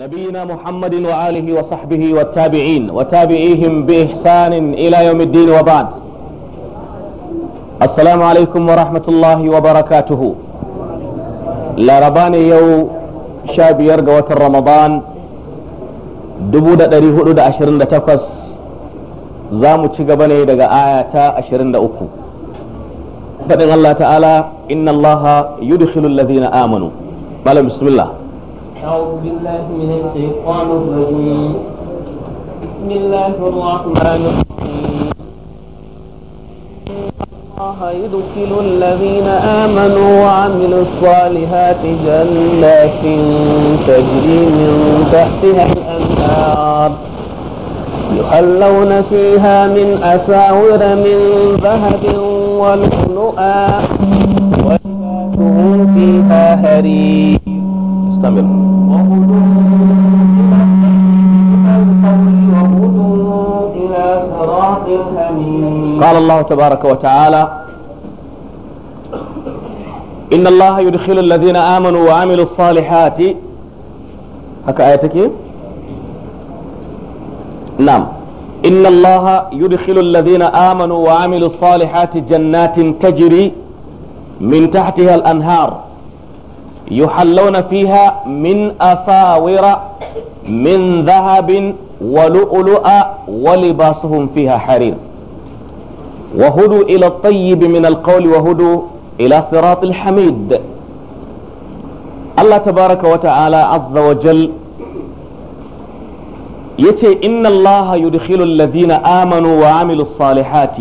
نبينا محمد وآله وصحبه والتابعين وتابعيهم بإحسان إلى يوم الدين وبعد السلام عليكم ورحمة الله وبركاته لربان يو شاب يرقى رمضان دبودة دريهود أشرين تقص زامو تشيقبني دقى آية أشرين أكو فإن الله تعالى إن الله يدخل الذين آمنوا بلا بسم الله أعوذ بالله من الشيطان الرجيم بسم الله الرحمن الرحيم الله يدخل الذين آمنوا وعملوا الصالحات جنات تجري من تحتها الأنهار يحلون فيها من أساور من ذهب ولؤلؤا وجناتهم فيها هريم مستمر إلى صراط الحميد قال الله تبارك وتعالى إن الله يدخل الذين آمنوا وعملوا الصالحات هكا آيتك نعم إن الله يدخل الذين آمنوا وعملوا الصالحات جنات تجري من تحتها الأنهار يحلون فيها من أساور من ذهب ولؤلؤ ولباسهم فيها حرير وهدوا إلى الطيب من القول وهدوا إلى صراط الحميد الله تبارك وتعالى عز وجل يتي إن الله يدخل الذين آمنوا وعملوا الصالحات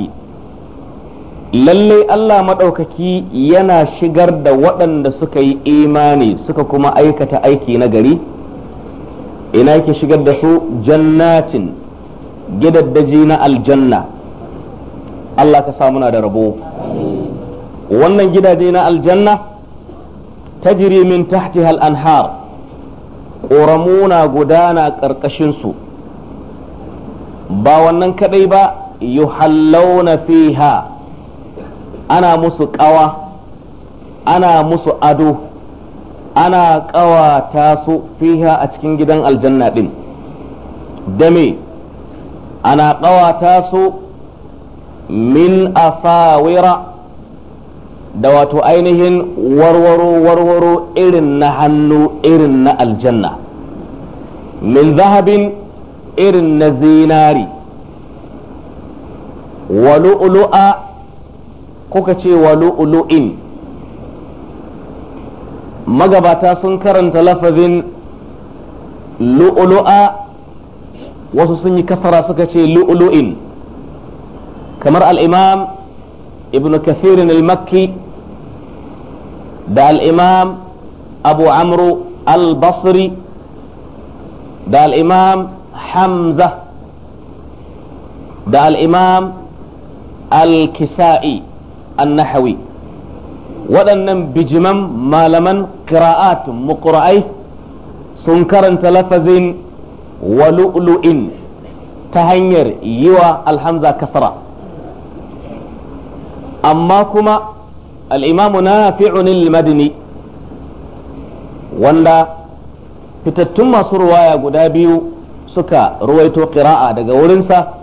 lallai Allah maɗaukaki yana shigar da waɗanda suka yi imani suka kuma aikata aiki na gari ina yake shigar da su jannatin gidaddaji na aljanna Allah ka samuna da rabo wannan gidaje na aljanna jiri min tahtiha al-anhar ƙoramuna gudana ƙarƙashinsu ba wannan kaɗai ba fi fiha ana musu ƙawa ana musu ado ana ƙawata su fiha a cikin gidan aljanna ɗin dame ana ƙawata su min asawira da wato ainihin warwaro warwaro irin na hannu irin na aljanna min zahabin irin na zinari wa lu'lu'a kuka ce wa lu'ulu'in magabata sun karanta lafazin lu'ulu'a wasu sun yi kasara suka ce lu'ulu'in kamar al'imam ibn kathirin al-makki da al'imam abu amru al-basri da al'imam hamza da al'imam al-kisa'i annahawi waɗannan bijiman malaman qira'at muqra'ai sun karanta lafazin walu'lu'in ta hanyar yiwa alhamza kasra amma kuma al'imamu na fi'unin madini wanda fitattun masu ruwaya guda biyu suka ruwaito ƙira'a daga wurinsa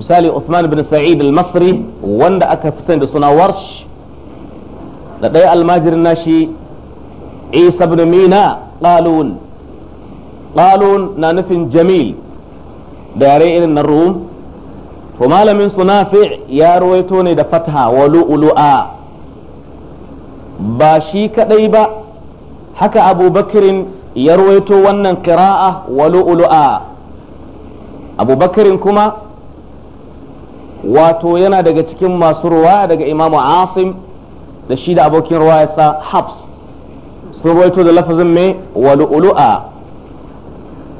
misali Uthman bin Sa'id al-Masri wanda aka fi sani da suna Warsh da ɗaya almajirin nashi Isa bin Mina Qalun Qalun na nufin Jamil da yare irin na Rum to malamin su Nafi ya ruwaito ne da fatha wa lu'lu'a ba shi kadai ba haka Abu Bakirin ya ruwaito wannan qira'a wa lu'lu'a Abu Bakirin kuma wato yana daga cikin masu ruwaya daga imamu asim da shi da abokin ruwayarsa habs sun ruwaito da lafazin mai walu'ulu'a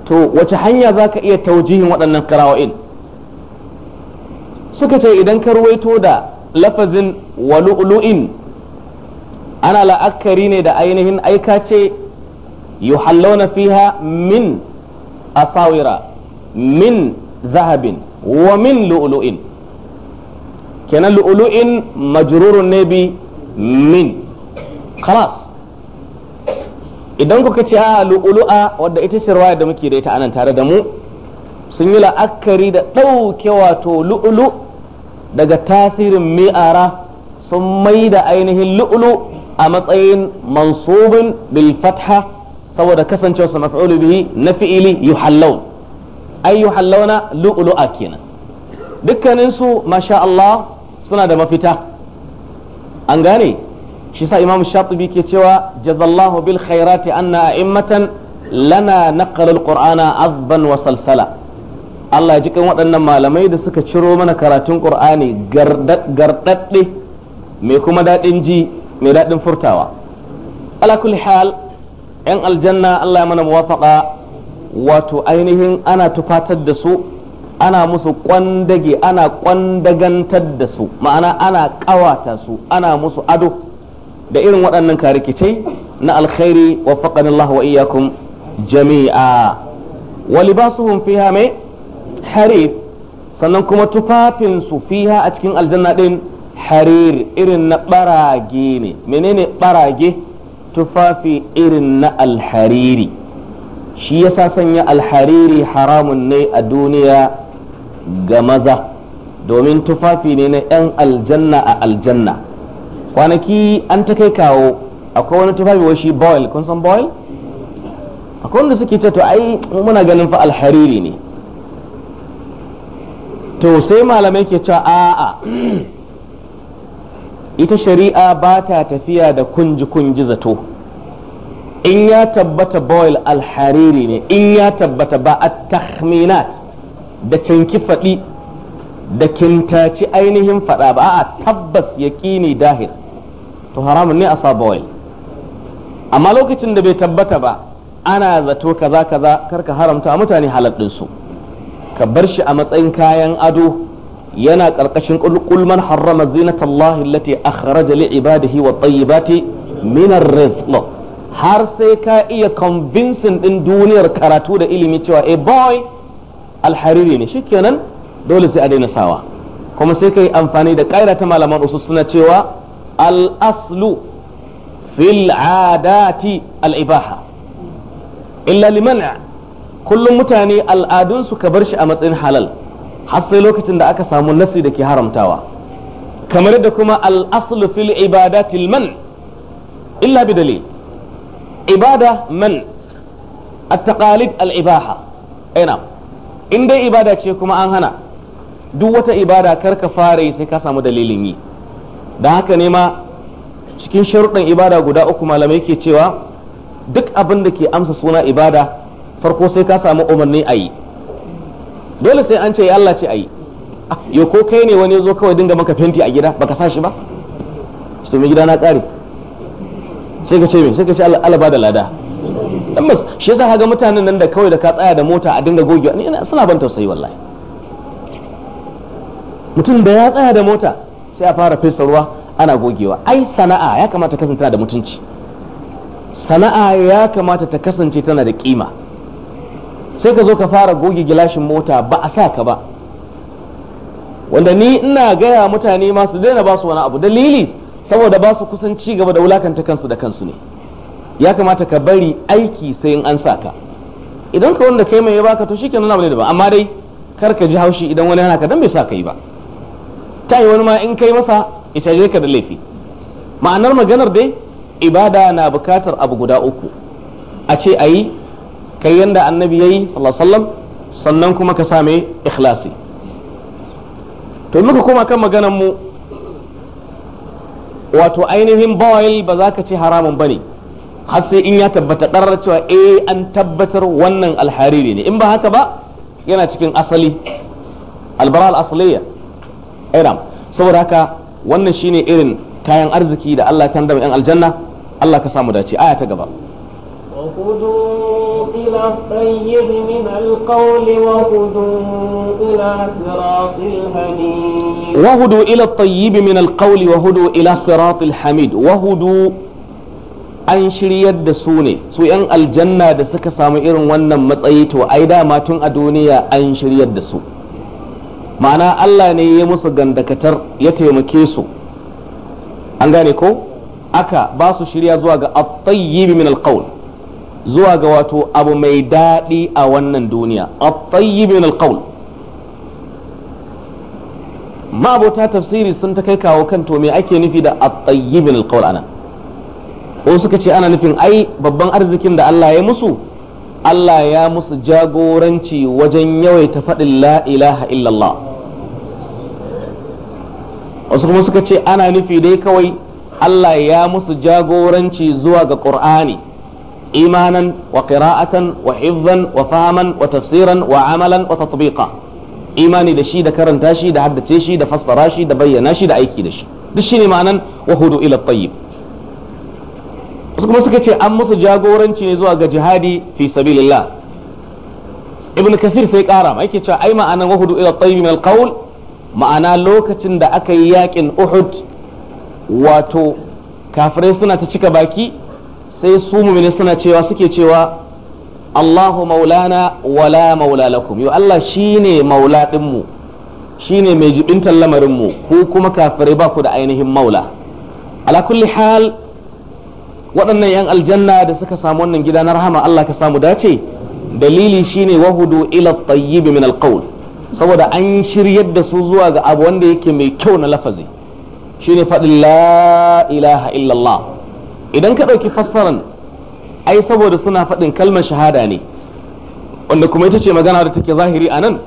to wace hanya za ka iya taujihin waɗannan karawa'in suka ce idan ka ruwaito da lafazin walu'ulu'in ana la'akari ne da ainihin aika ce yuhallawna fiha min asawira min zahabin wa min lu'lu'in kenan lu'lu'in majrurun ne bi min khalas idan kuka ce a lu'lu'a wadda ita ce riwaya da muke da ita anan tare da mu sun yi la'akari da ɗauke wato lu'u'lu daga tasirin mi'ara sun mai da ainihin lu'u'lu a matsayin mansubin bil fatha saboda kasancewarsa maf'ulu bihi na fi'ili yuhallaw ay yuhallawna lu'lu'a kenan dukkanin su masha Allah suna da mafita an gane shi sa imam shatibi ke cewa jazallahu bil khairati anna a'immatan lana naqala alqur'ana azban wa salsala Allah ya jikan waɗannan malamai da suka ciro mana karatun Qur'ani gardaɗe mai kuma daɗin ji mai daɗin furtawa ala kulli hal yan aljanna Allah ya mana muwafaqa wato ainihin ana tufatar da su ana musu kwandage ana kwandagantar da su ma'ana ana kawata su ana musu ado da irin waɗannan karikicai na alkhairi wa Allah wa iyyakum jami'a wa libasuhum fiha mai harif sannan kuma tufafin su fiha a cikin aljanna din harir irin na barage ne menene barage tufafi irin na alhariri shi yasa sanya alhariri haramun ne a duniya ga maza domin tufafi ne na 'yan aljanna a aljanna kwanaki an ta kai kawo akwai wani tufafi wa shi boil kun san boil akwai wanda suke to ai muna ganin fa alhariri ne to sai malamai ke cewa a'a ita shari'a ba ta tafiya da kunji-kunji zato in ya tabbata boil alhariri ne in ya tabbata ba a tahminat da kinki faɗi da kintaci ainihin faɗa ba a tabbas ya ne dahir to haramun ne a sa amma lokacin da bai tabbata ba ana zato kaza kaza karka haramta mutane halal ɗinsu ka bar shi a matsayin kayan ado yana ƙarƙashin ƙulƙul man harrama zinata Allah allati akhraja li ibadihi wa tayyibati min ar-rizq har sai ka iya convincing din duniyar karatu da ilimi cewa eh boy alhariri ne shikenan dole sai a daina sawa kuma sai kai amfani da ƙaira ta malaman ususuna suna cewa al-aslu fil adati al-ibaha illa kullum mutane al'adunsu ka bar shi a matsayin halal har sai lokacin da aka samu nasi da ke haramtawa kamar da kuma al-aslu fil ibadati man illa bidali ibada man at-taqalid al-ibaha ina in dai ibada ce kuma an hana duk wata ibada kar ka fara yi sai ka samu dalilin yi don haka ne ma cikin sharuɗan ibada guda uku malamai ke cewa duk abin da ke amsa suna ibada farko sai ka samu umarni a yi dole sai an ce ya Allah ce a yi ah, yau ko kai ne wani zo kawai dinga maka fenti a gida baka sa shi ba su mai gida na ƙari sai ka ce mai sai ka ce Allah ba da lada tabbas shi yasa ga mutanen nan da kawai da ka tsaya da mota a dinga gogewa ni suna ban tausayi wallahi mutum da ya tsaya da mota sai a fara fesa ruwa ana gogewa ai sana'a ya kamata ta kasance da mutunci sana'a ya kamata ta kasance tana da kima sai ka zo ka fara goge gilashin mota ba a sa ka ba wanda ni ina gaya mutane masu daina ba su wani abu dalili saboda ba su kusan ci gaba da wulakanta kansu da kansu ne ya kamata ka bari aiki sai in an sa ka idan ka wanda kai mai ya baka to shi na abu da daban amma dai kar ka ji haushi idan wani yana ka dan bai sa kai ba ta yi wani ma in kai masa ita je ka da laifi ma'anar maganar dai ibada na bukatar abu guda uku a ce ayi kai yanda annabi yayi sallallahu alaihi sannan kuma ka same ikhlasi to muka koma kan maganar mu wato ainihin bawai ba za ka ce haramun ba ne. har sai in ya tabbata ƙarar cewa eh an tabbatar wannan alhariri ne in ba haka ba yana cikin asali albara al-asliya iram saboda haka wannan shine irin kayan arziki da Allah ya tandama yan aljanna Allah ka samu dace aya ta gaba wahudu ila الطيب من القول وخذوا إلى صراط hamid وهدوا إلى الطيب من القول وهدوا إلى صراط الحميد وهدوا an shiryar da su ne su yan aljanna da suka samu irin wannan matsayi to ai dama tun a duniya an shiryar da su ma'ana Allah ne ya musu gandakatar ya taimake su an gane ko aka ba su shirya zuwa ga at-tayyib min al-qawl zuwa ga wato abu mai daɗi a wannan duniya at-tayyib min al-qawl ma'abota tafsiri sun ta kai kawo kan to me ake nufi da at-tayyib min al-qawl anan ko suka ce ana nufin ai babban arzikin da Allah ya musu Allah ya musu jagoranci wajen yawaita faɗin la ilaha illallah wasu kuma suka ce ana nufi dai kawai Allah ya musu jagoranci zuwa ga ƙur'ani imanan wa qira'atan wa hifzan wa fahaman wa tafsiran wa amalan wa tatbiqa imani da shi da karanta shi da haddace shi da fassara shi da bayyana shi da aiki da shi duk shine ma'anan wa hudu ila tayyib wasu kuma suka ce an musu jagoranci ne zuwa ga jihadi fi sabilillah ibn kasir sai kara ma yake cewa ai ma'anan wahudu ila tayyib min alqaul ma'ana lokacin da aka yi yakin uhud wato kafirai suna ta cika baki sai su mu'mini suna cewa suke cewa Allahu maulana wala maula lakum yo Allah shine maula dinmu shine mai jibintan lamarin mu ku kuma kafirai ba ku da ainihin maula ala kulli hal waɗannan 'yan aljanna da suka samu wannan gida na rahama Allah ka samu dace dalili shine wahudu ila tayyib min alqawl saboda an shiryar da su zuwa ga abu wanda yake mai kyau na lafazi shine faɗin la ilaha illallah idan ka ɗauki fassaran ai saboda suna faɗin kalmar shahada ne wanda kuma ita ce magana da take zahiri a nan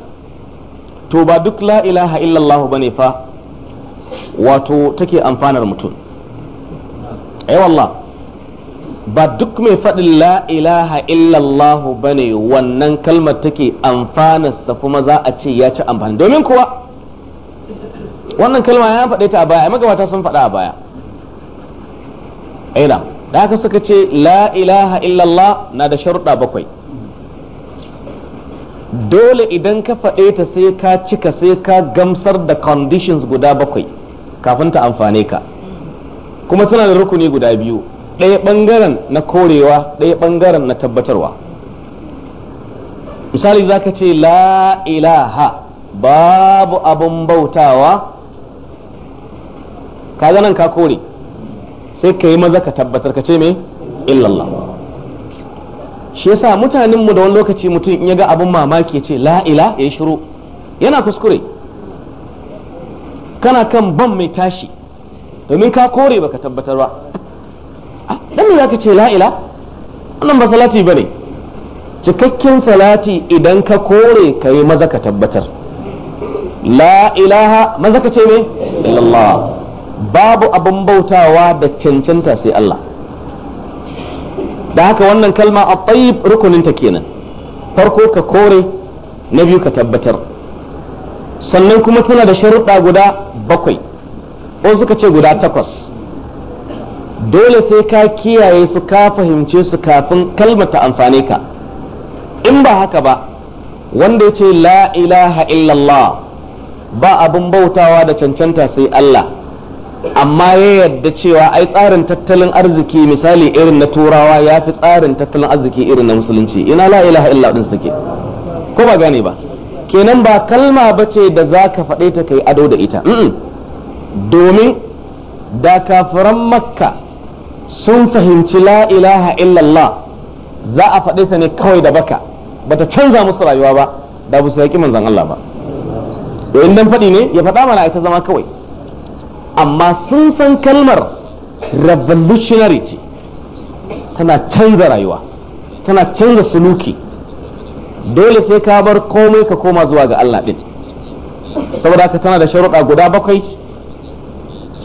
to ba duk la ilaha illallah bane fa wato take amfanar mutum ai ba duk mai faɗin la ilaha illallahu ba ne wannan kalmar take sa kuma za a ce ya ci amfani domin kuwa wannan kalma ya faɗe ta a baya magabata sun faɗa a baya aina da aka suka ce la ilaha illallah na da sharuɗa bakwai dole idan ka faɗe ta sai ka cika sai ka gamsar da conditions guda bakwai kafin ta amfane ka kuma tana da rukuni guda biyu ɗaya ɓangaren na korewa ɗaya ɓangaren na tabbatarwa misali za ka ce la ilaha babu abin bautawa ka nan ka kore sai ka yi maza ka tabbatar ka ce mai illallah shi yasa mutanenmu da wani lokaci mutum in ya ga abin mamaki ce la ila ya shiru yana kuskure kana kan ban mai tashi domin ka kore baka tabbatar ba Ah, dan me zaka ce la ila wannan ba salati bane cikakken salati idan ka kore kai maza ka tabbatar la ilaha maza ka ce me illallah babu abin bautawa da cancanta sai Allah da haka wannan kalma a rukunin ta kenan farko ka kore na biyu ka tabbatar sannan kuma tana da sharuɗa guda bakwai ko suka ce guda takwas dole sai ka kiyaye su ka fahimce su kafin kalmar ta amfane ka in ba haka ba wanda yace la ilaha illallah ba abin bautawa da cancanta sai Allah amma ya yarda cewa ai tsarin tattalin arziki misali irin na turawa ya fi tsarin tattalin arziki irin na musulunci ina la ilaha illallah din suke ko ba gane ba kenan ba kalma ba ce da za ka faɗe ta kai ado da ita domin da kafiran makka sun fahimci la ilaha illallah za a faɗe ta ne kawai da baka bata canza musu rayuwa ba da bu sai manzon Allah ba to in dan faɗi ne ya faɗa mana ita zama kawai amma sun san kalmar revolutionary ce tana canza rayuwa tana canza suluki dole sai ka bar komai ka koma zuwa ga Allah din saboda haka tana da sharuɗa guda bakwai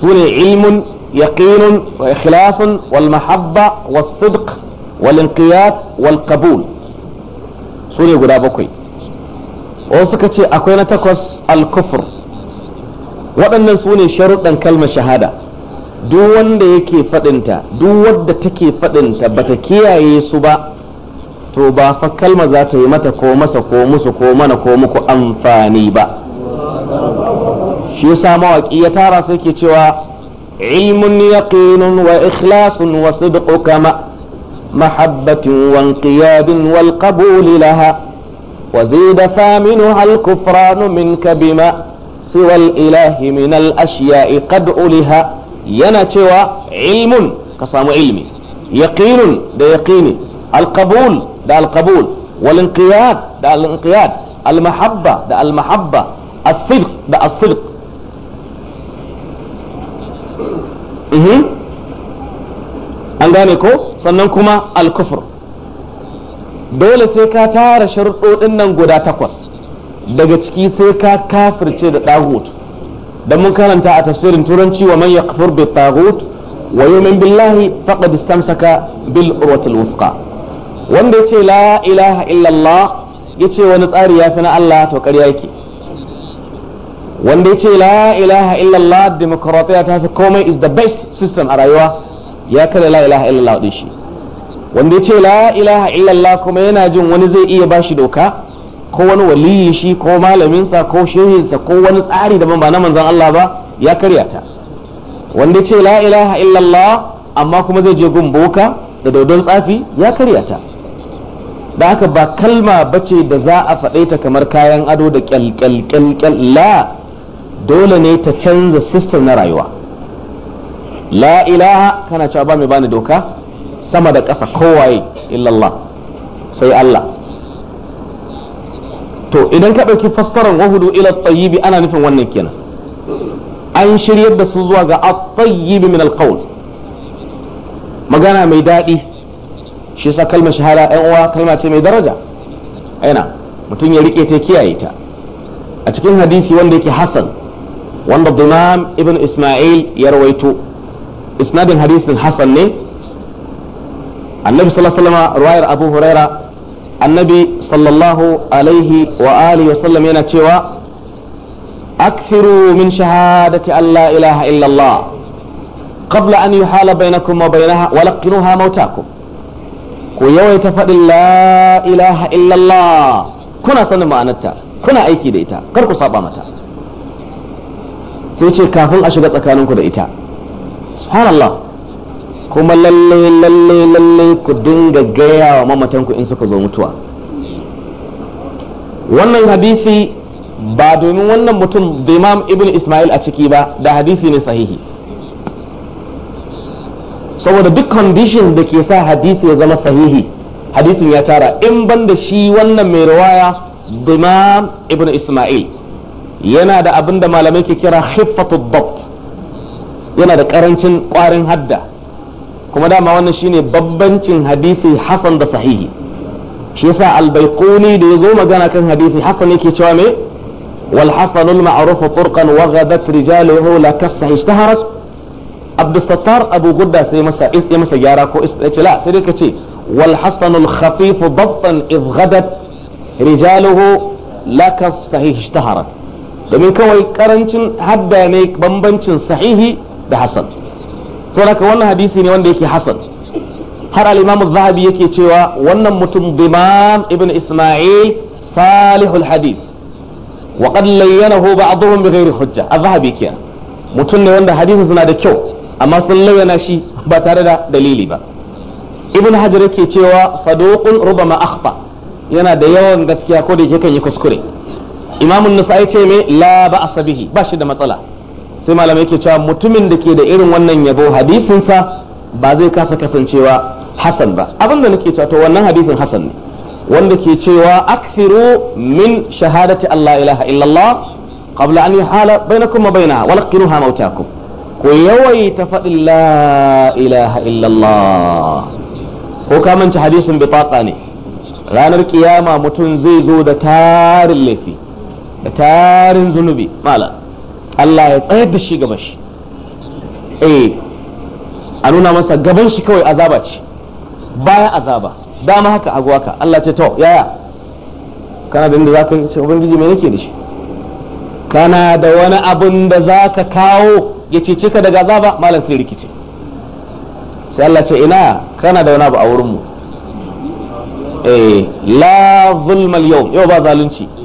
su ne ilmun يقين وإخلاص والمحبة والصدق والانقياد والقبول سوري قد بكوي وسكتي أكوين تكوس الكفر وأن سوني شرطا كلمة شهادة duk wanda yake faɗinta duk wadda take faɗinta bata kiyaye su ba to ba fa kalma za ta yi mata ko masa ko musu ko mana ko muku amfani ba shi yasa mawaƙi ya tara su cewa علم يقين وإخلاص وصدق كما محبة وانقياد والقبول لها وزيد ثامنها الكفران منك بما سوى الإله من الأشياء قد أولها ينتوى علم قصام علمي يقين ده يقيني القبول ده القبول والانقياد ده الانقياد المحبة ده المحبة الصدق ده الصدق Mhm. an gane ko sannan kuma alkufur dole sai ka tara sharuɗoɗin nan guda takwas daga ciki sai ka kafirce da ɗagut don mun karanta a tafsirin turanci wa man yakfur bi ɗagut wa min billahi faqad istamsaka bil urwatul wufqa wanda ya ce la ilaha illallah ya ce wani tsari ya fi na Allah to ƙarya yake wanda yake la ilaha illallah demokratiya ta fi komai is the best system a rayuwa ya kare la ilaha illallah din shi wanda yake la ilaha illallah kuma yana jin wani zai iya bashi doka ko wani waliyi shi ko malaminsa ko sa ko wani tsari daban ba na manzon Allah ba ya karya ta wanda yake la ilaha illallah amma kuma zai je gun boka da dodon tsafi ya karya ta da haka ba kalma bace da za a faɗe ta kamar kayan ado da kyal la dole ne ta canza system na rayuwa la ilaha kana cewa ba mai bani doka sama da ƙasa kowaye illallah sai Allah to idan ka ɗauki fassarar wahudu ila tayyibi ana nufin wannan kenan an shiryar da su zuwa ga at min al magana mai daɗi shi sa kalmar shahada ɗan uwa kalma ce mai daraja aina mutum ya rike ta kiyaye ta a cikin hadisi wanda yake hasan wanda dunam ibn Ismail ya rawaito isnadin hadisin Hassan ne annabi sallallahu ruwayar Abu Huraira annabi sallallahu alaihi wa alihi wasallam yana cewa akthiru min shahadati alla ilaha illa Allah qabla an yuhala bainakum wa bainaha wa laqinuha mautakum ku yawaita faɗin la ilaha illallah kuna sanin ma'anarta kuna aiki da ita kar ku saba mata sai ce kafin a shiga tsakaninku da ita subhanallah kuma lalle lalle lalle ku dinga gaya wa mamatanku in suka zo mutuwa wannan hadisi ba domin wannan mutum da imam ibn ismail a ciki ba da hadisi ne sahihi saboda duk condition da ke sa hadisi ya zama sahihi hadisin ya tara in ban da shi wannan mai rawaya da imam ibn ismail yana da abin da malamai ke kira hiffatul dabt yana da karancin kwarin hadda kuma dama wannan shine babbancin hadisi hasan da sahihi shi yasa albaikuni da da yazo magana kan hadisi hasan yake cewa me wal hasan al-ma'ruf turqan wa ghadat rijaluhu la kasah ishtaharat abd abu gudda sai masa ya masa gyara ko ce la sai ka ce wal hasan al-khafif dabtan idh ghadat rijaluhu la kasah ishtaharat domin kawai karancin hadda ne bambancin sahihi da hasan to haka wannan hadisi ne wanda yake hasan har al-imam zahabi yake cewa wannan mutum Diman ibn Isma'il salihul hadith wa qad layyanahu ba'dhum bighairi hujja az-zahabi kiyan mutum ne wanda hadisi suna da kyau amma sun layyana shi ba tare da dalili ba ibn hajar yake cewa saduqun rubama akhta yana da yawan gaskiya ko da yake kan yi kuskure imamun ya ce mai la ba asabihi ba shi da matsala sai malamai ke cewa mutumin da ke da irin wannan yabo hadisinsa ba zai kasa kasancewa hasan ba abin da nake cewa to wannan hadisin hasan ne wanda ke cewa akthiru min shahadati Allah ilaha illallah qabla an yuhala bainakum wa bainaha wa laqinuha mautakum ku yawaita faɗin la ilaha illallah ko ka hadisin bitaqa ne ranar kiyama mutum zai zo da tarin laifi da tarin zunubi mala Allah ya tsayar da shi gaba shi eh a nuna masa gaban shi kawai azaba ce baya azaba dama haka agwaka Allah ce to yaya kana da inda zaka ce ubangiji me yake da shi kana da wani abin da zaka kawo ya cece ka daga azaba malam sai rikice sai Allah ce ina kana da wani abu a wurin mu eh la zulmal yau yau ba zalunci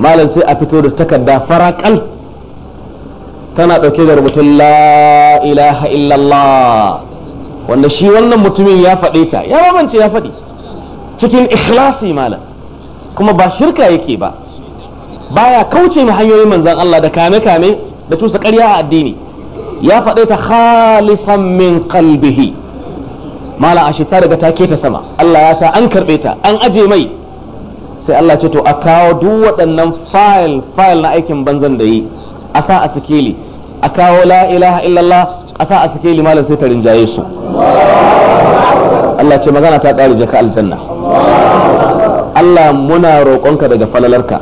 malam sai a fito da takarda farakal tana ɗauke da rubutun la ilaha illallah wanda shi wannan mutumin ya faɗe ta ya mamance ya faɗi cikin ikhlasi malam kuma ba shirka yake ba baya kauce mu hanyoyin manzan Allah da kame-kame da tusa ƙarya a addini ya faɗe ta khalisan min qalbihi Malam a shi ta daga ta keta sama Allah ya sa an karɓe ta an aje mai sai Allah ce to a kawo duk waɗannan fayil fayil na aikin banzan da yi a sa a sikeli a kawo la ilaha illallah a sa a malam sai ta rinjaye su Allah ce magana ta ƙare jaka aljanna Allah muna roƙonka daga falalarka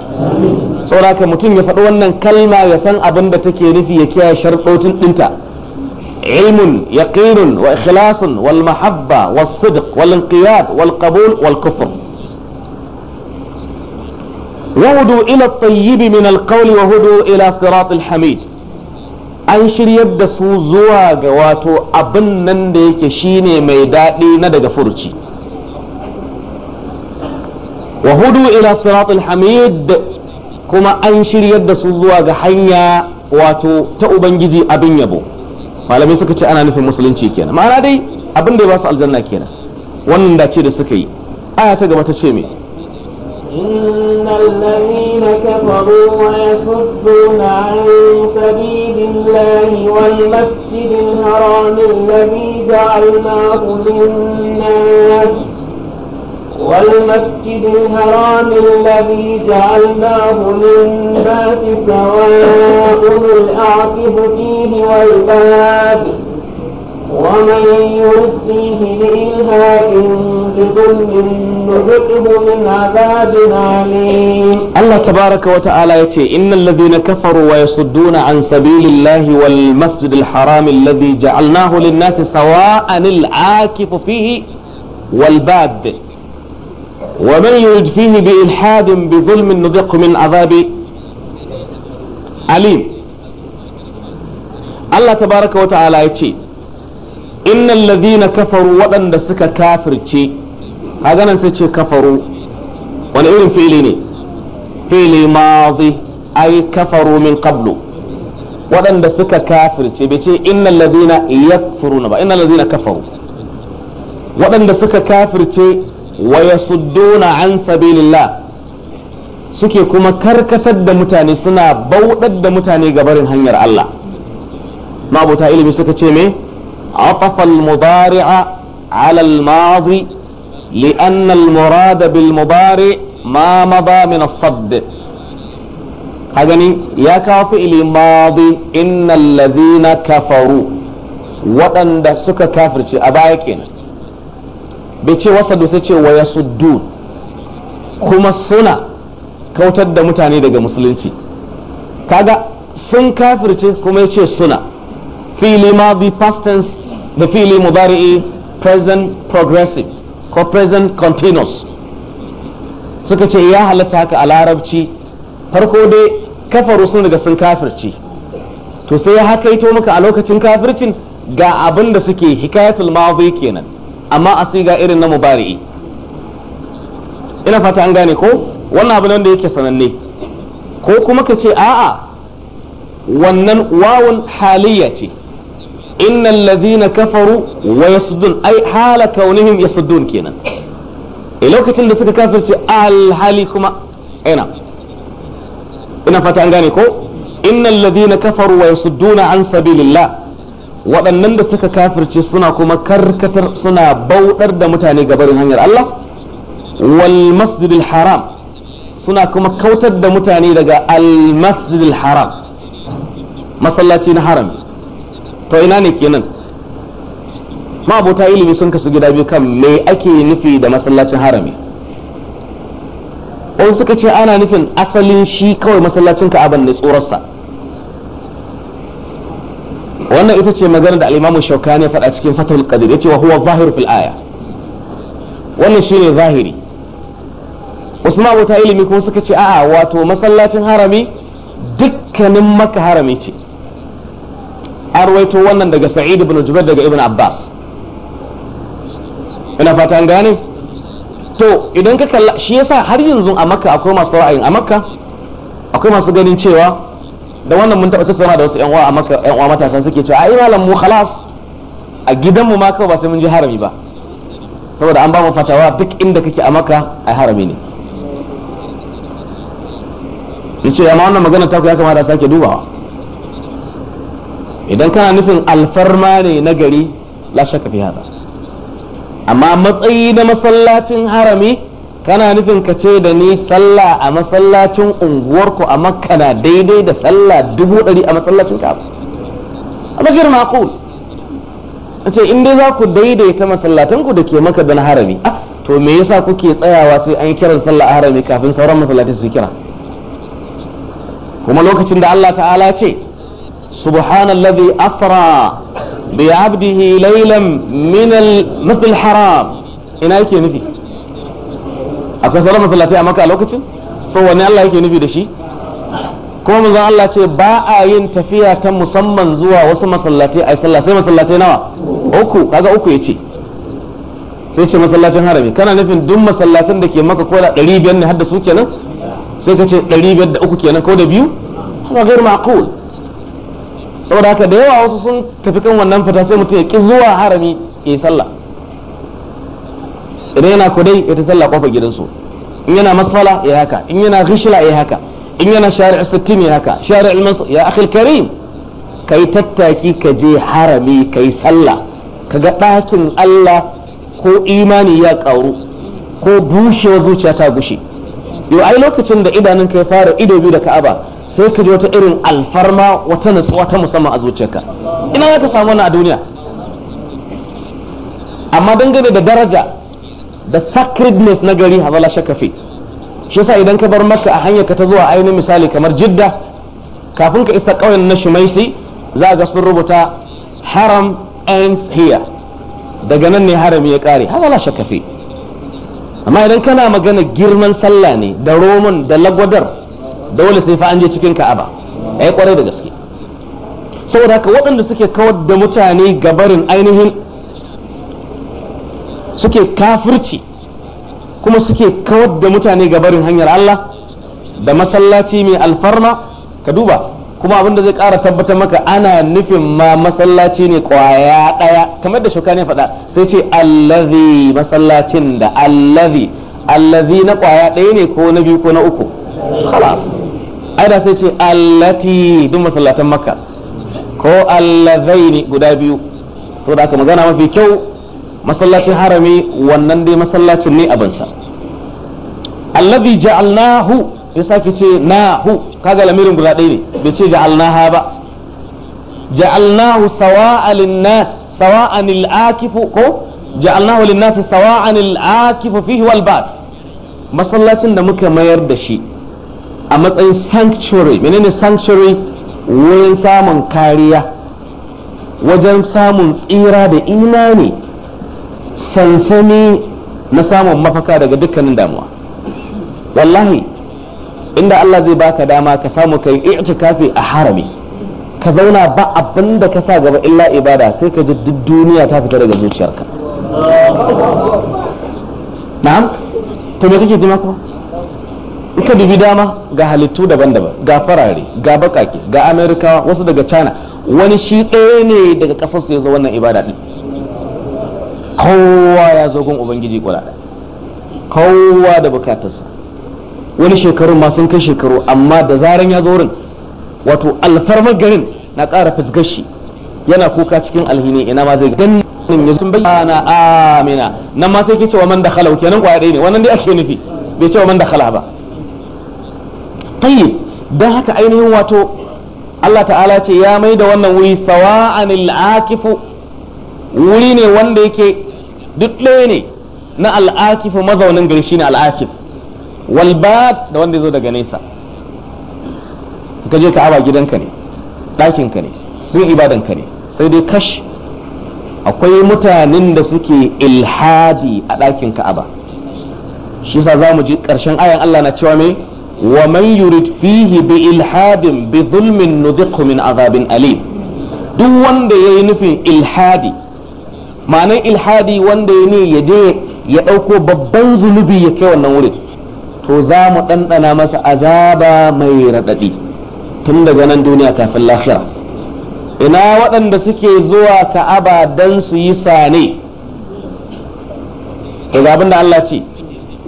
saboda mutum ya faɗi wannan kalma ya san abin da take nufi ya kiyaye sharɗotin ɗinta علم يقين وإخلاص والمحبة والصدق والانقياد والقبول والكفر وهدوا إلى الطيب من القول وهدوا ila صراط الحميد an shiryar da su zuwa ga wato abin nan da yake shine mai daɗi na daga furuci wa hudu ila siratul hamid kuma an shiryar da su zuwa ga hanya wato ta ubangiji abin yabo malamai suka ce ana nufin musulunci kenan ma'ana dai abin da ya ba su aljanna kenan wannan dace da suka yi aya ta gaba ta ce me إن الذين كفروا ويصدون عن سبيل الله والمسجد الحرام الذي جعلناه للناس والمسجد الحرام الذي جعلناه للناس سواء الأعقب فيه والباب ومن يرديه بإلهاء بظلم من عذاب عليم الله تبارك وتعالى يتي إن الذين كفروا ويصدون عن سبيل الله والمسجد الحرام الذي جعلناه للناس سواء العاكف فيه والباد ومن يرد فيه بإلحاد بظلم نذق من عذاب أليم الله تبارك وتعالى يتي innal ladina kafaru waɗanda suka kafirce haga nan sai ce kafaru wani irin fili ne fi'ili madi ai kafaru min qablu waɗanda suka kafirce bai ce innal ladina yakfuruna ba innal ladina kafaru waɗanda suka kafirce wa yasudduna an sabilillah suke kuma karkasar da mutane suna bauɗar da mutane gabarin hanyar Allah mabuta ilimi suka ce me عطف المضارع على الماضي لأن المراد بالمضارع ما مضى من الصد هذني يا كافئ ماضي إن الذين كفروا وأن سك كافر شيء أبايكين بيتي وصدوا سيتي ويصدون كما سنة كوتد متاني دقى مسلمتي كذا sun kafirce kuma ya ce suna fili ma bi past tense da fili mubari'i present progressive ko present continuous suka ce ya halatta haka a larabci farko dai kafaru sun daga sun kafirci to sai ya haka ito muka a lokacin kafircin ga abin da suke hikayatul ma'adhi kenan amma a siga irin na mubari'i ina fata an gane ko wannan abin da yake sananne ko kuma ka ce a'a wannan wawan haliyya ce innal ladhina kafaru wa yasdun ai hala kaunihim yasdun kenan a e, lokacin da suka kafirce alhali kuma ina ina fata an gane ko innal ladhina kafaru wa yasudduna an sabilillah waɗannan da suka kafirce suna kuma karkatar suna bautar da mutane gabarin hanyar Allah wal masjidil haram suna kuma kautar da mutane daga al haram masallaci na haram. to ina ne kenan ma'abota ilimi sun kasu gida biyu kan me ake nufi da masallacin harami wani suka ce ana nufin asalin shi kawai masallacin ka'aban da tsorarsa wannan ita ce magana da alimamu shauka ya faɗa cikin fatahul qadir yace wa huwa zahir fil aya wannan shine zahiri wasu ma'abota ilimi kuma suka ce a'a wato masallacin harami dukkanin maka harami ce arwaito wannan daga sa'id ibn jubair daga ibn abbas ina fata an gane to idan ka kalla shi yasa har yanzu a makka akwai masu ra'ayin a makka akwai masu ganin cewa da wannan mun taɓa tattauna da wasu yan uwa a makka yan uwa matasan suke cewa ai malam mu khalas a gidanmu ma kawai ba sai mun je harami ba saboda an ba mu fatawa duk inda kake a makka ai harami ne yace amma wannan magana ta ku ya kamata sake dubawa idan kana nufin alfarma ne na gari la shakka fi hada amma matsayi na masallacin harami kana nufin ka ce da ni sallah a masallacin unguwarku a makka na daidai da sallah dubu ɗari a masallacin ka a bashir maqul ce in dai za ku daidaita masallatan ku da ke maka da na harami ah, to me yasa kuke tsayawa sai an yi kiran sallah a harami kafin sauran masallatai su kira kuma lokacin da Allah ta'ala ce سبحان الذي أسرى بعبده ليلا من المسجد الحرام ina yake nufi akwai sauran masallatai a maka a lokacin so wani Allah yake nufi da shi kuma manzon Allah ce ba a yin tafiya ta musamman zuwa wasu masallatai a sallah sai masallatai nawa uku uku sai ce masallacin harami kana nufin duk masallacin da ke maka ko da 500 ne har su kenan sai ka ce 500 da uku kenan ko da biyu kuma gair ma'qul saboda haka da yawa wasu sun tafi kan wannan fita sai mutum ya ki zuwa harami ya yi sallah idan yana kudai ya ta sallah kofar gidansu in yana masfala ya haka in yana ghishla ya haka in yana shari'a sittin ya haka shari'a mansur ya akhil karim kai tattaki ka je harami kai sallah kaga ɗakin Allah ko imani ya ƙaru ko bushewar zuciya ta gushe yau ai lokacin da idanun ka ya fara ido biyu da ka'aba sai ka ji wata irin alfarma wata nutsuwa ta musamman a zuciyarka ina za ka samu wannan a duniya amma dangane da daraja da sacredness na gari hazala shakafi shi yasa idan ka bar maka a hanyar ka ta zuwa ainihin misali kamar jidda kafin ka isa ƙauyen na shumaisi za ga sun rubuta haram ends here daga nan ne haram ya kare hazala shakafi amma idan kana magana girman sallah ne da roman da lagwadar dole sai fa an je cikin ka'aba yi eh, kwarai da gaske saboda haka waɗanda suke kawar da mutane gabarin ainihin suke kafirci kuma suke kawar da mutane gabarin hanyar Allah da masallaci mai alfarma ka duba kuma abin da zai ƙara tabbatar maka ana nufin ma masallaci ne kwaya ɗaya kamar da shuka ne faɗa sai ce allazi masallacin da allazi allazi na kwaya ɗaya ne ko na biyu ko na uku ai sai ce allati duk masallatan makka ko allazaini guda biyu to da aka magana mafi kyau masallacin harami wannan dai masallacin ne abinsa allazi ja'alnahu ya sake ce nahu kaga lamirin guda ɗaya ne bai ce ja'alnaha ba ja'alnahu sawa'an linnas sawa'an al-akifu ko ja'alnahu linnas sawa'an al-akifu fihi wal ba'd masallacin da muka mayar da shi a matsayin sanctuary menene sanctuary wurin samun kariya wajen samun tsira da imani sansani na samun mafaka daga dukkanin damuwa wallahi inda Allah zai baka dama ka samu kai i'tikafi a harami ka zauna ba abinda da ka sa gaba illa ibada sai ka ji duk duniya ta fita daga zuciyarka na'am to me kake ji kuma ka dubi dama ga halittu daban-daban ga farare ga bakake ga amerikawa wasu daga china wani shi ɗaya ne daga ƙasar ya zo wannan ibada ɗin kowa ya zo gun ubangiji kula kowa da bukatarsa wani shekarun ma sun kai shekaru amma da zaran ya zo wato alfarmar garin na ƙara fisgar shi yana kuka cikin alhini ina ma zai gani ya sun bayyana amina nan ma sai ke cewa man da khala kenan kwaya ne wannan dai ake nufi bai cewa man da khala ba tayyib dan haka ainihin wato Allah ta'ala ce ya mai da wannan wuri sawa'anil akifu wuri ne wanda yake duk ɗaya ne na al'akifu mazaunin gari shine al'akif walbat da wanda ya zo daga nesa ka je ka'aba gidanka ne ɗakinka ne wurin ibadanka ne sai dai kash akwai mutanen da suke ilhadi a ɗakin ka'aba shi sa za mu ji ƙarshen ayan Allah na cewa mai wa man yurid fihi bi ilhadin bi zulmin nudhiqhu azabin ali duk wanda yayi nufin ilhadi ma'anar ilhadi wanda ya ne ya je ya ɗauko babban zunubi ya kai wannan wurin to za mu ɗanɗana masa azaba mai raɗaɗi tun daga nan duniya kafin lafiya ina waɗanda suke zuwa ka'aba don su yi sane ga abin da Allah ce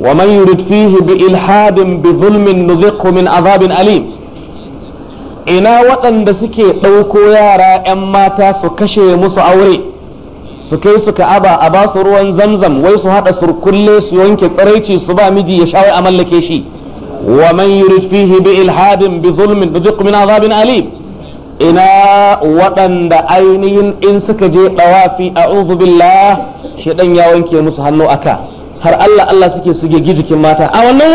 ومن يرد فيه بإلحاد بظلم نذقه من عذاب أليم ina waɗanda suke ɗauko yara 'yan mata su kashe musu aure su kai su ka'aba a ba su ruwan zamzam wai su haɗa surkulle su yanke tsiraici su ba miji ya shawai a mallake shi wa man yurid fihi bi ilhadin bi zulmin bi min azabin alim ina waɗanda ainihin in suka je ɗawafi a'udhu billah shedan ya wanke musu hannu aka har Allah Allah suke suge gizikin mata a wannan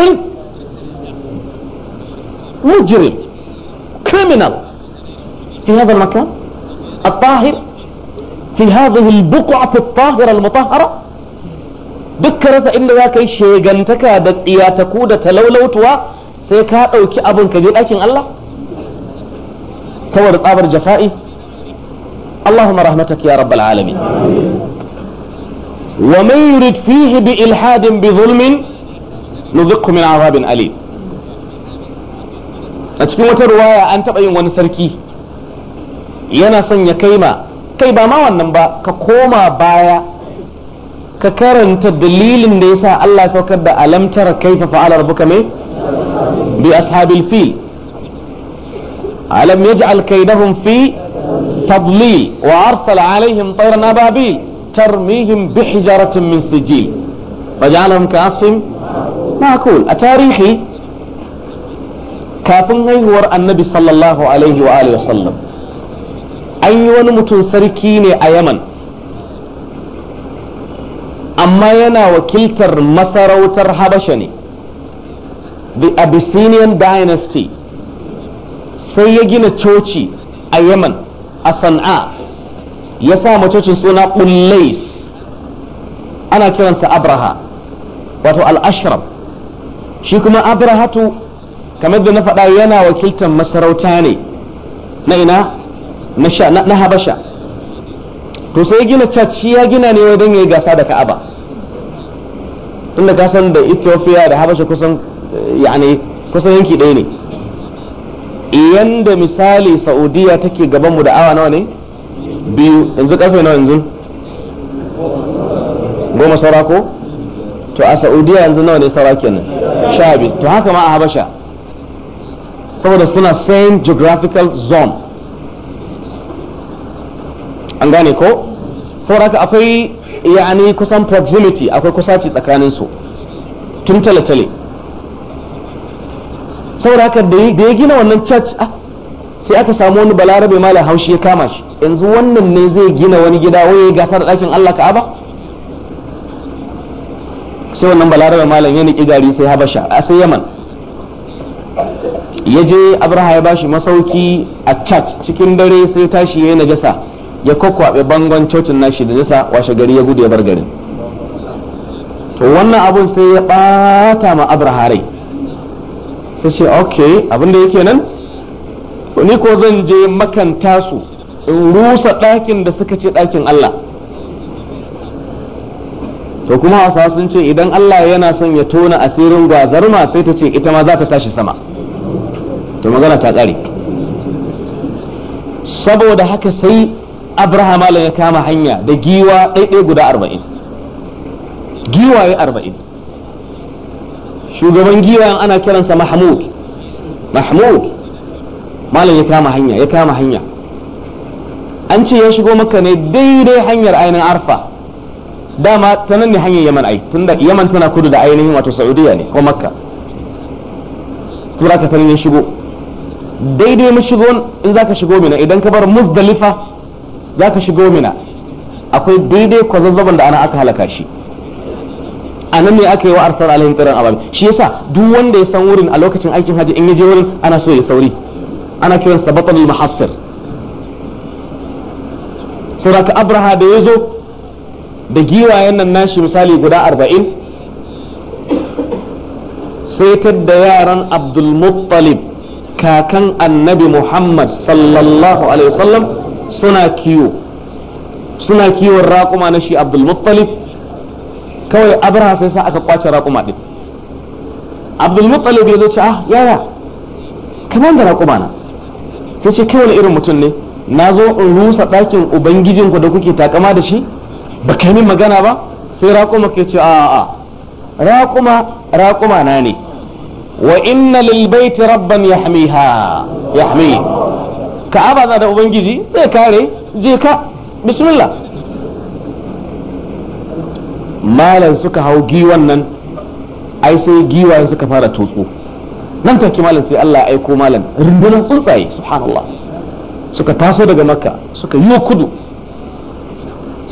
wurin mujrim criminal fi hadha makan at-tahir fi hadhihi al-buq'ah at-tahira al-mutahhara dukkarata inda zaka yi shegantaka da tsiya ta ku da talaulautuwa sai ka dauki abin ka je dakin Allah saboda tsabar jafa'i اللهم رحمتك يا رب العالمين آمين. ومن يرد فيه بإلحاد بظلم نذقه من عذاب أليم a cikin wata ruwaya an taɓa yin wani sarki yana son ya kai ma kai ba ma wannan ba ka koma baya ka karanta dalilin da yasa Allah ya saukar da alamtar kaifa fa'ala rabbuka mai bi ashabil fil alam yaj'al kaydahum fi tadlil wa arsala alaihim tayran ababil ترميهم بحجارة من سجيل وجعلهم كعصف معقول أتاريخي kafin haihuwar annabi sallallahu alaihi wa alihi wasallam an yi wani mutum sarki ne a yaman amma yana wakiltar masarautar habasha ne the abyssinian dynasty sai ya gina coci a yaman a sana'a ya sa mutuncin suna ƙullais ana kiransa abraha wato al shi kuma abrahatu kamar da na faɗa yana wakiltar masarauta ne na ina na habasha to sai gina caci ya gina ne wai ya yi gasa da ka'aba tunda ka san da ethiopia da habasha kusan eh, yani kusan yanki ɗaya ne yanda misali saudiya take gabanmu da awa nawa ne biyu yanzu karfe nawa yanzu goma saura ko to a saudiya yanzu nawa ne saura kenan sha biyu to haka ma a habasha saboda suna same geographical zone an gane ko saboda haka akwai yani kusan proximity akwai kusaci tsakanin su tun tale-tale saboda haka da ya gina wannan church ah, sai aka samu wani balarabe malam haushi ya kama shi yanzu wannan ne zai gina wani gida waye gasar ɗakin Allah Ka'aba sai wannan balarabe malam ya niki gari sai Habasha a sai Yaman ya je Abraha ya bashi masauki a church cikin dare sai tashi yayi najasa ya kokwabe bangon cocin nashi da najasa washe gari ya gudu ya bar garin to wannan abun sai ya bata ma Abraha rai sai ce okay abin da yake nan ni ko zan je makanta su in rusa ɗakin da suka ce ɗakin Allah to kuma hausa sun ce idan Allah yana son ya tona asirin gwazarma sai ta ce ita ma za ta tashi sama to magana ta tsare saboda haka sai abraham malam ya kama hanya da giwa ɗaiɗai guda arba'in giwaye arba'in shugaban giwayen ana kiransa mahmud mahmud malam ya kama hanya ya kama hanya an ce ya shigo maka ne daidai hanyar ainihin arfa dama ta nan ne hanyar yaman ai tunda yaman tana kudu da ainihin wato saudiya ne ko makka tura ka sanin ya shigo daidai mu shigo in zaka shigo mina idan ka bar muzdalifa zaka shigo mina akwai daidai kwazazzaban da ana aka halaka shi a nan ne aka yi wa arsar alaihi tsirin abami shi yasa duk wanda ya san wurin a lokacin aikin haji in ya je wurin ana so ya sauri ana kiran sa batalul muhassir ka abraha da zo, da giwayen nan nashi misali guda arba'in sai da yaran abdul muttalib kakan annabi muhammad sallallahu alaihi wasallam suna kiwo suna kiwon raƙuma na shi abdul muttalib kawai abraha sai sa aka kwace raƙuma din abdul muttalib ya zo ce ah yaya kamar da raƙuma na sai ce kai wani irin mutum ne na zo in rusa ɗakin ubangijinku da kuke takama da shi ba kai min magana ba sai raƙuma ke ce a'a raƙuma raƙuma na ne wa inna lil baiti rabban yahmiha yahmi ka aba da ubangiji zai kare je ka bismillah malan suka hau giwan nan ai sai giwa suka fara tutsu nan take malam sai Allah ya aiko malam rundunar tsuntsaye subhanallah suka taso daga makka suka yi kudu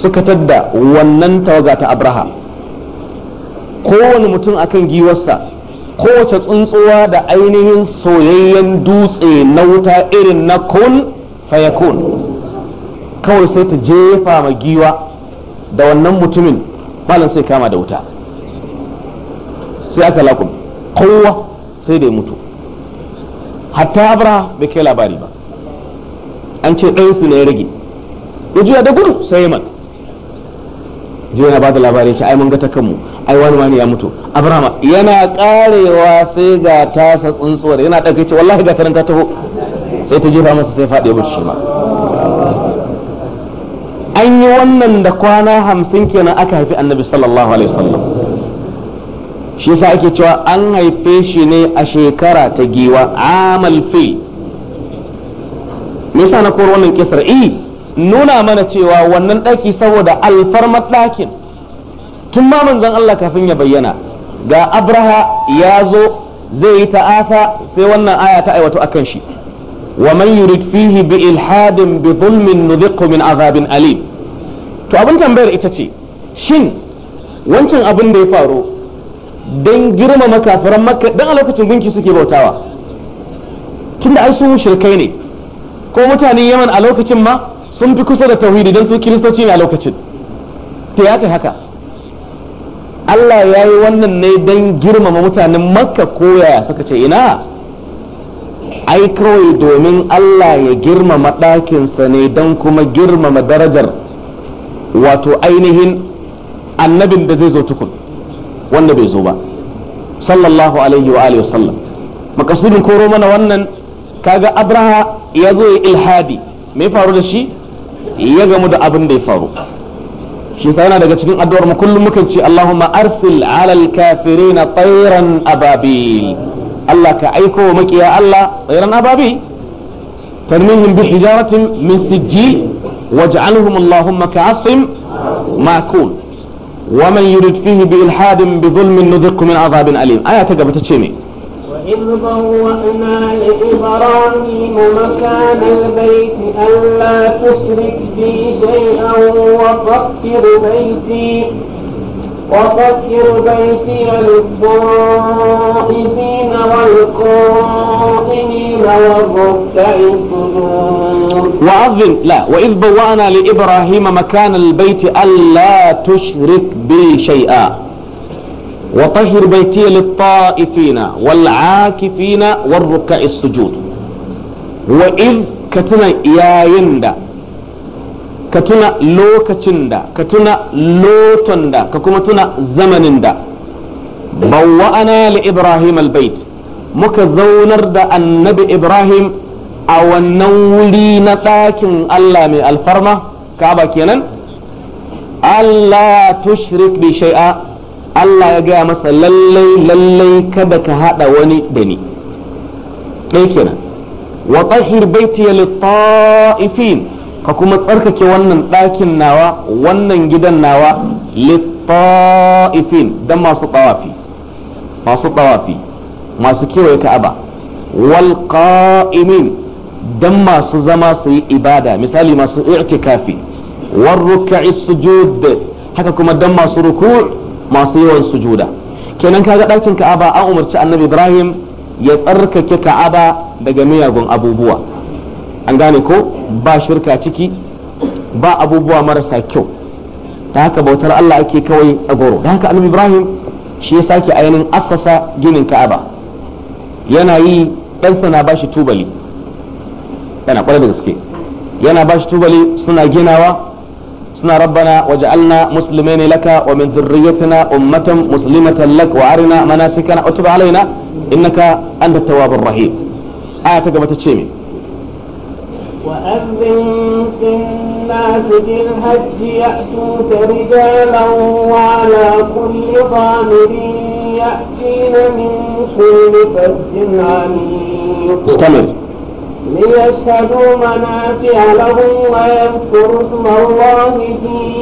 suka tadda wannan tawaga ta abraha kowane mutum akan giwarsa kowace tsuntsuwa da ainihin soyayyen dutse na wuta irin na kun fayakun kawai sai ta jefa ma giwa da wannan mutumin malam sai kama da wuta sai aka lakum kowa sai da ya mutu hatta abra bai kai labari ba an ce ɗayansu ne ya rage ya juya da gudu sai yaman jiya na ba da labari shi ai mun ga ta kanmu ai wani wani ya mutu abrama yana karewa sai ga tasa tsuntsuwar yana ɗauke ce wallahi ga ta taho sai ta jefa masa sai faɗi mutu shi ma an yi wannan da kwana hamsin kenan aka haifi annabi sallallahu alaihi wasallam shi yasa ake cewa an haife shi ne a shekara ta giwa amal fi me yasa na koro wannan kisar i eh, nuna mana cewa wannan daki saboda alfarmat dakin tun ma manzon Allah kafin ya bayyana ga abraha ya zo zai yi ta'asa sai wannan aya ta aiwato akan shi wa man yurid fihi bi ilhadin bi zulmin nudhiqhu min azabin alim to abin tambayar ita ce shin wancan abin da ya faru don girmama kafiran makka don a lokacin gunki suke bautawa tunda ai sun shirkai ne ko mutanen yaman a lokacin ma sun fi kusa da tauhidi don su kiristoci ne a lokacin ta ya kai haka Allah ya yi wannan ne don girmama mutanen makka ko yaya suka ce ina ai kawai domin Allah ya girmama ɗakinsa ne don kuma girmama darajar wato ainihin annabin da zai zo tukun wanda bai zo ba sallallahu alaihi wa alihi wasallam makasudin koro mana wannan kaga abraha ya zo ilhadi me faru da shi ya gamu da abin da ya faru shi yana daga cikin addu'ar mu kullum mukan ce Allahumma arsil alal kafirina tsairan ababil Allah ka aiko wa makiya Allah tsairan ababi tarmihim bi hijaratin min sijji waj'alhum Allahumma ka'asim ma'kul ومن يرد فيه بإلحاد بظلم نذقه من عذاب أليم آية تقبل تشيمي وإذ بوأنا لإبراهيم مكان البيت ألا تشرك بي شيئا وطهر بيتي وطهر بيتي للطائفين والقائمين والركع السجود وأذن لا وإذ بوأنا لإبراهيم مكان البيت ألا تشرك بي شيئا وطهر بيتي للطائفين والعاكفين والركع السجود وإذ كتنا يا يندا ka tuna lokacin da ka tuna loton da ka kuma tuna zamanin da bawwa'ana li ibrahim albait muka zaunar da annabi ibrahim a wannan wuri na ɗakin allah mai alfarma kaba kenan allah tushrik bi shai'a allah ya gaya masa lallai lallai kada ka hada wani da ni ɗaya kenan wa tahir baiti ya taifin ka kuma tsarkake wannan ɗakin nawa wannan gidan nawa litta'ifin dan masu tawafi masu tawafi masu kewaye ka'aba wal qa'imin dan masu zama su yi ibada misali masu i'tikafi war ruk'i sujud haka kuma dan masu ruku' masu yawan sujuda kenan kaga ɗakin ka'aba an umarci annabi Ibrahim ya tsarkake ka'aba daga miyagun abubuwa an gane ko ba shirka ciki ba abubuwa marasa kyau ta haka bautar Allah ake kawai a goro da haka annabi Ibrahim shi ya sake ainihin assasa ginin Ka'aba yana yi ɗansa na bashi tubali yana kwarai da gaske yana bashi tubali suna ginawa suna rabbana waj'alna muslimaina laka wa min dhurriyyatina ummatan muslimatan lak wa arina manasikana wa tub alaina innaka antat tawwabur rahim aya ta gaba ta ce me وأذن في الناس بالحج يأتوك رجالا وعلى كل ضامر يأتين من كل فج عميق ليشهدوا منافع لهم ويذكروا اسم الله في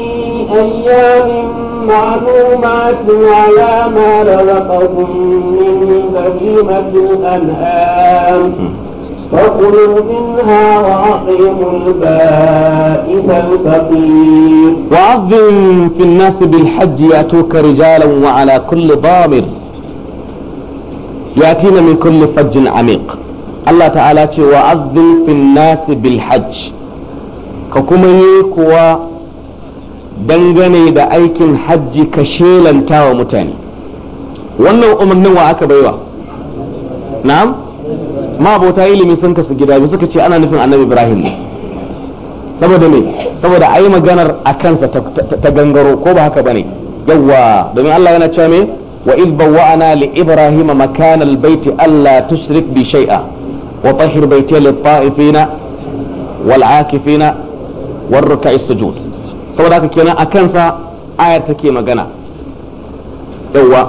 أيام معلومات على ما رزقهم من بهيمة الأنعام فكلوا منها وأطعموا البائس الفقير وعظم في الناس بالحج يأتوك رجالا وعلى كل ضامر يأتينا من كل فج عميق الله تعالى وعظم في الناس بالحج ككما يكوى دنجني da الحج كشيلا تاو shelanta wa mutane wannan umarnin wa ma abota ilimi sun kasu gida biyu suka ce ana nufin annabi ibrahim ne saboda me saboda ayi maganar a kansa ta gangaro ko ba haka bane yawwa domin Allah yana cewa me wa id bawwa'na li ibrahima makana albayti alla tushrik bi shay'a wa tahhir bayti lit ta'ifina wal 'akifina war ruk'is sujud saboda haka kenan a kansa ayar take magana yawwa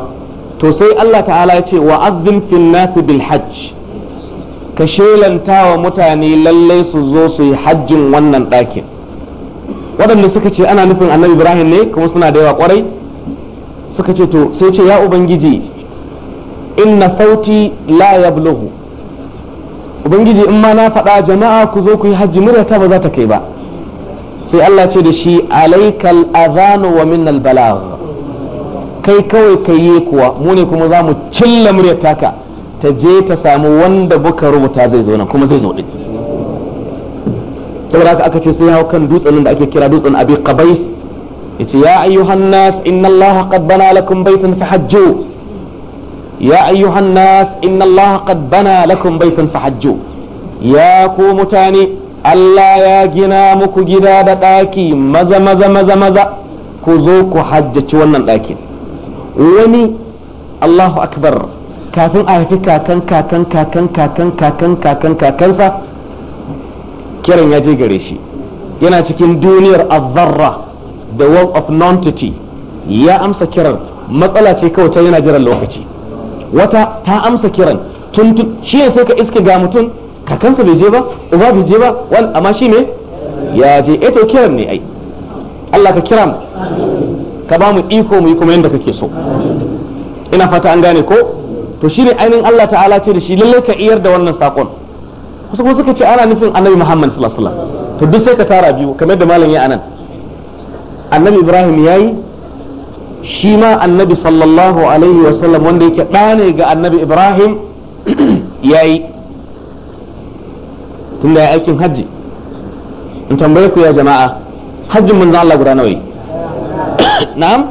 to sai Allah ta'ala ya ce wa azzim fil nas bil hajj ka shelanta wa mutane lallai su zo su yi hajjin wannan ɗakin waɗanda suka ce ana nufin annabi ibrahim ne kuma suna da yawa ƙwarai suka ce to sai ce ya ubangiji inna sauti la yablughu ubangiji in ma na faɗa jama'a ku zo ku yi hajji muryata ba za ta kai ba sai Allah ce da shi alaikal azanu wa minnal balagh kai kawai kai kuwa mu ne kuma za mu cilla muryata ka ta je ta samu wanda buka rubuta zai zo nan kuma zai zo din saboda haka aka ce sai hau kan dutsen da ake kira dutsen abi qabais yace ya ayyuhan nas inna allaha qad bana lakum baytan fahajju ya ayyuhan nas inna allaha qad bana lakum baytan fahajju ya ku mutane Allah ya gina muku gida da daki maza maza maza maza ku zo ku hajjaci wannan ɗakin wani Allahu akbar kafin a haifi kakan kakan kakan kakan kakan kakan kakansa kiran ya je gare shi yana cikin duniyar azzarra the world of nonentity ya amsa kiran matsala ce kawai ta yana jiran lokaci wata ta amsa kiran tun shi ne sai ka iske ga mutum kakansa bai je ba uba bai je ba wal amma shi ne ya je eh to kiran ne ai Allah ka kira mu ka ba mu iko mu yi kuma yadda kake so ina fata an gane ko to shine ainihin Allah ta'ala ce da shi lallai ka iyar da wannan sakon kusa kuma suka ce ana nufin annabi Muhammad sallallahu alaihi wasallam to duk sai ka tara biyu kamar da malam ya anan annabi Ibrahim yayi shi ma annabi sallallahu alaihi wasallam wanda yake da ne ga annabi Ibrahim yayi tun da aikin hajji in tambaye ku ya jama'a hajjin manzo Allah guda nawa na'am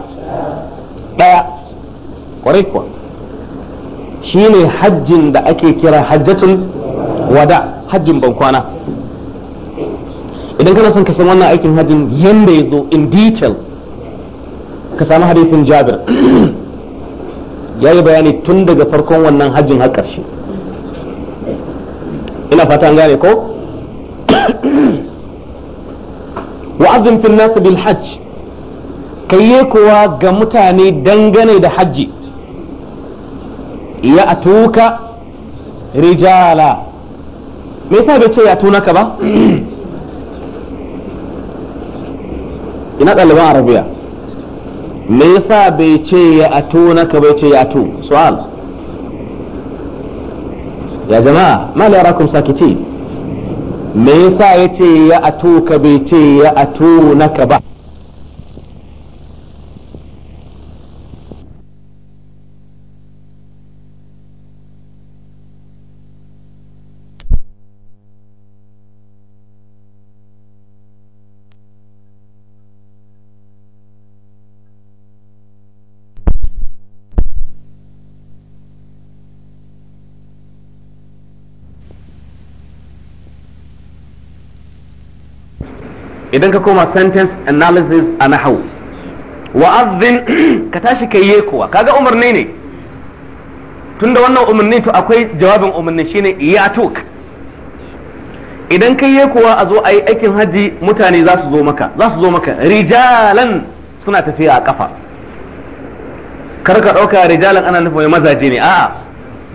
daya kwarai kuwa shine hajjin da ake kira hajjatul wada hajjin bankwana idan kana son ka san wannan aikin hajjin yanda ya zo in detail ka samu hadithin jabir ya yi bayani tun daga farkon wannan hajjin har ƙarshe ina fata an gane ko wa'azin fil nas bil hajj kayye kowa ga mutane dangane da hajji ya atuka rijala me yasa bai ce ya ka ba ina ɗaliban arabiya me yasa bai ce ya atuna ka bai ce ya tu? su'al ya jama'a ma la yarakum sakitin me yasa yace ya atuka bai ce ya atuna ka ba idan ka koma sentence analysis a nahau wa'azin ka tashi kai kowa kaga umarni ne tun da wannan umarni to akwai jawabin umarni shine ya tok idan kai kowa a zo a yi aikin haji mutane za su zo maka za su zo maka rijalan suna tafiya a kafa kar ka ɗauka rijalan ana nufin mazaje ne a'a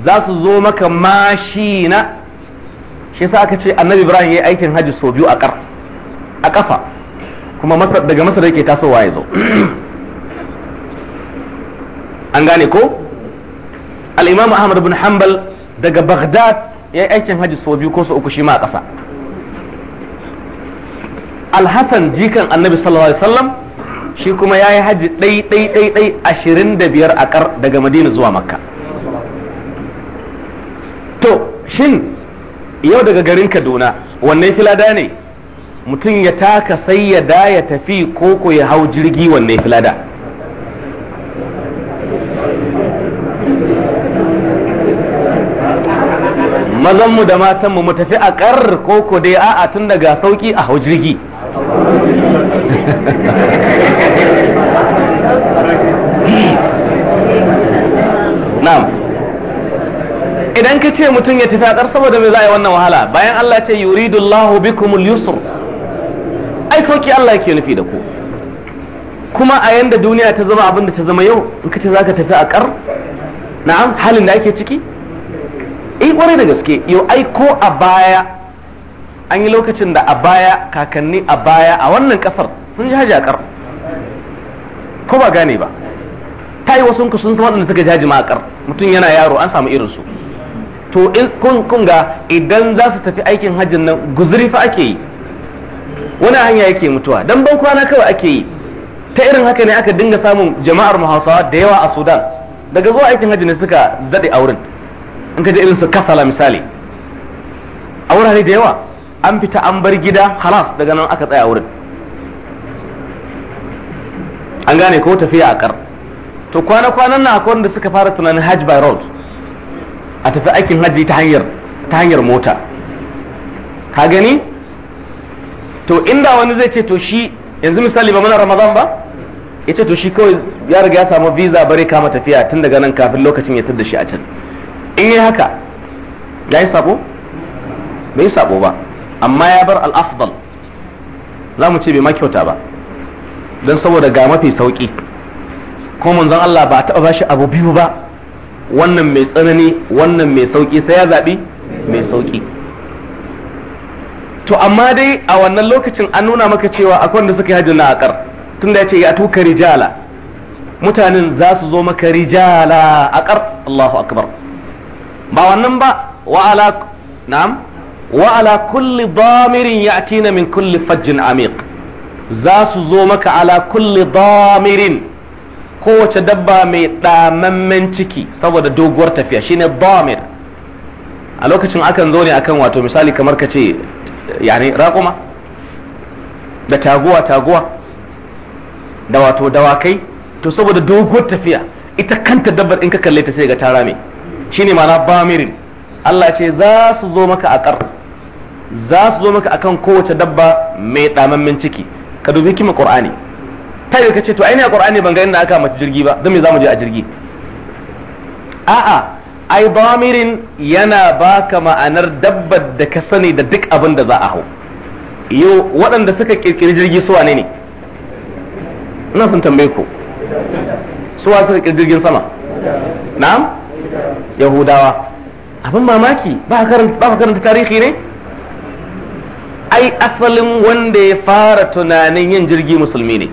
za su zo maka mashina shi sa aka ce annabi ibrahim ya aikin haji sau biyu a ƙar a ƙafa kuma daga masar yake tasowa ya zo an gane ko al-imam ahmad bin hanbal daga Bagdad ya yi aikin hajji sau biyu ko sau uku shi ma a ƙasa alhassan jikan annabi sallallahu alaihi wasallam shi kuma ya yi hajji ɗai ɗai ɗai ɗai ashirin da biyar a ƙar daga madina zuwa makka to shin yau daga garin kaduna wanne filada ne mutum ya taka sai ya da ya tafi koko ya hau jirgi wanne ya filada mazanmu da matanmu mu tafi a ƙar koko dai a'a tun daga sauki a hau jirgi na'am idan ka ce mutum ya tafi a ƙar saboda mai za a yi wannan wahala bayan Allah ce yuridullahu bikumul yusr ai sauki Allah yake nufi da ku kuma a yanda duniya ta zama abin da ta zama yau in kace zaka tafi a kar na'am halin da ake ciki eh kware da gaske yau ai ko a baya an yi lokacin da a baya kakanni a baya a wannan kasar sun ji haji a kar ko ba gane ba ta yi wasu sun san waɗanda suka jaji makar mutum yana yaro an samu irin su to in kun ga idan za su tafi aikin hajjin nan guzuri fa ake yi wani hanya yake mutuwa dan ban kwana kawai ake yi ta irin haka ne aka dinga samun jama'ar muhasawa da yawa a sudan daga zuwa aikin hajji ne suka zade auren in ka ji irin su kasala misali a wurare da yawa an fita an bar gida halas daga nan aka tsaya wurin an gane ko tafiya a kar to kwana-kwanan na akwai wanda suka fara tunanin hajj by road a tafi aikin hajji ta hanyar ta hanyar mota ka gani to inda wani zai ce to shi yanzu misali ba muna ramadan ba ya ce to shi kawai ya riga ya samu visa bare kama tafiya tun daga nan kafin lokacin ya da shi a can in yi haka ya yi sabo bai yi sabo ba amma ya bar al'afdal za mu ce bai ma kyauta ba don saboda ga mafi sauki ko manzon Allah ba a taɓa bashi abu biyu ba wannan mai tsanani wannan mai sauki sai ya zaɓi mai sauki to amma dai a wannan lokacin an nuna maka cewa akwai wanda suka yi na la'akar tunda ya ce ya tuka rijala mutanen za su zo maka rijala akar Allahu akbar ba wannan ba wa ala na'am wa ala kulli damirin ya'tina min kulli fajjin amiq za su zo maka ala kulli damirin kowace dabba mai ɗamammen ciki saboda doguwar tafiya shine damir a lokacin akan zo ne akan wato misali kamar ka ce yani raƙuma da taguwa taguwa da wato dawakai to saboda doguwar tafiya ita kanta dabbar in ka kalle ta sai ga tara mai shine ma'ana bamirin Allah ce za su zo maka a ƙar za su zo maka akan kowace dabba mai ɗamammin ciki ka dubi kima ƙur'ani. ta yi ka ce to ainihin qur'ani ban ga inda aka mace jirgi ba don me za mu je a jirgi a'a ai damirin yana baka ma'anar dabbar da ka sani da duk abin da za a hau yau waɗanda suka kirkiri jirgi suwa ne ne ina sun tambaye ku suwa suka kirkiri jirgin sama na'am yahudawa abin mamaki ba ka karanta tarihi ne ai asalin wanda ya fara tunanin yin jirgi musulmi ne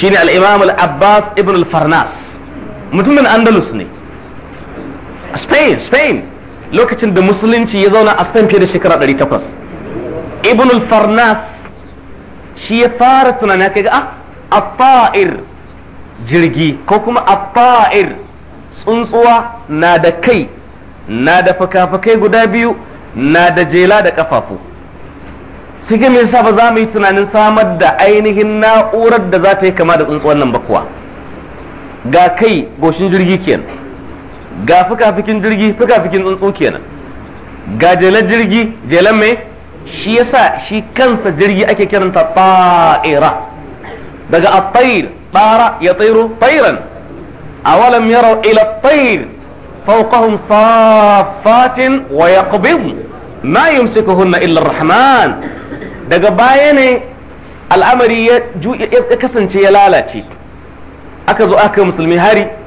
shine al-imam al-abbas ibn al-farnas mutumin andalus ne spain spain lokacin da musulunci ya zauna a spain fiye da shekara 800 ibn al-farnas shi ya fara tunani kai ga a ah, jirgi ko kuma a tsuntsuwa na da kai na da fakafakai guda biyu na da jela da kafafu cikin mai sa ba za mu yi tunanin samar da ainihin na'urar da za ta yi kama da tsuntsuwan nan ba ga kai goshin jirgi kenan ga fuka jirgi fuka tsuntsu kenan ga jelan jirgi jelan mai shi yasa shi kansa jirgi ake kiranta ta'ira daga at-tayr bara ya tsayro tayran awalam yaraw ila at-tayr fawqahum saffatin wa yaqbid ma yumsikuhunna illa ar-rahman daga baya ne al'amari ya kasance ya lalace aka zo aka musulmi hari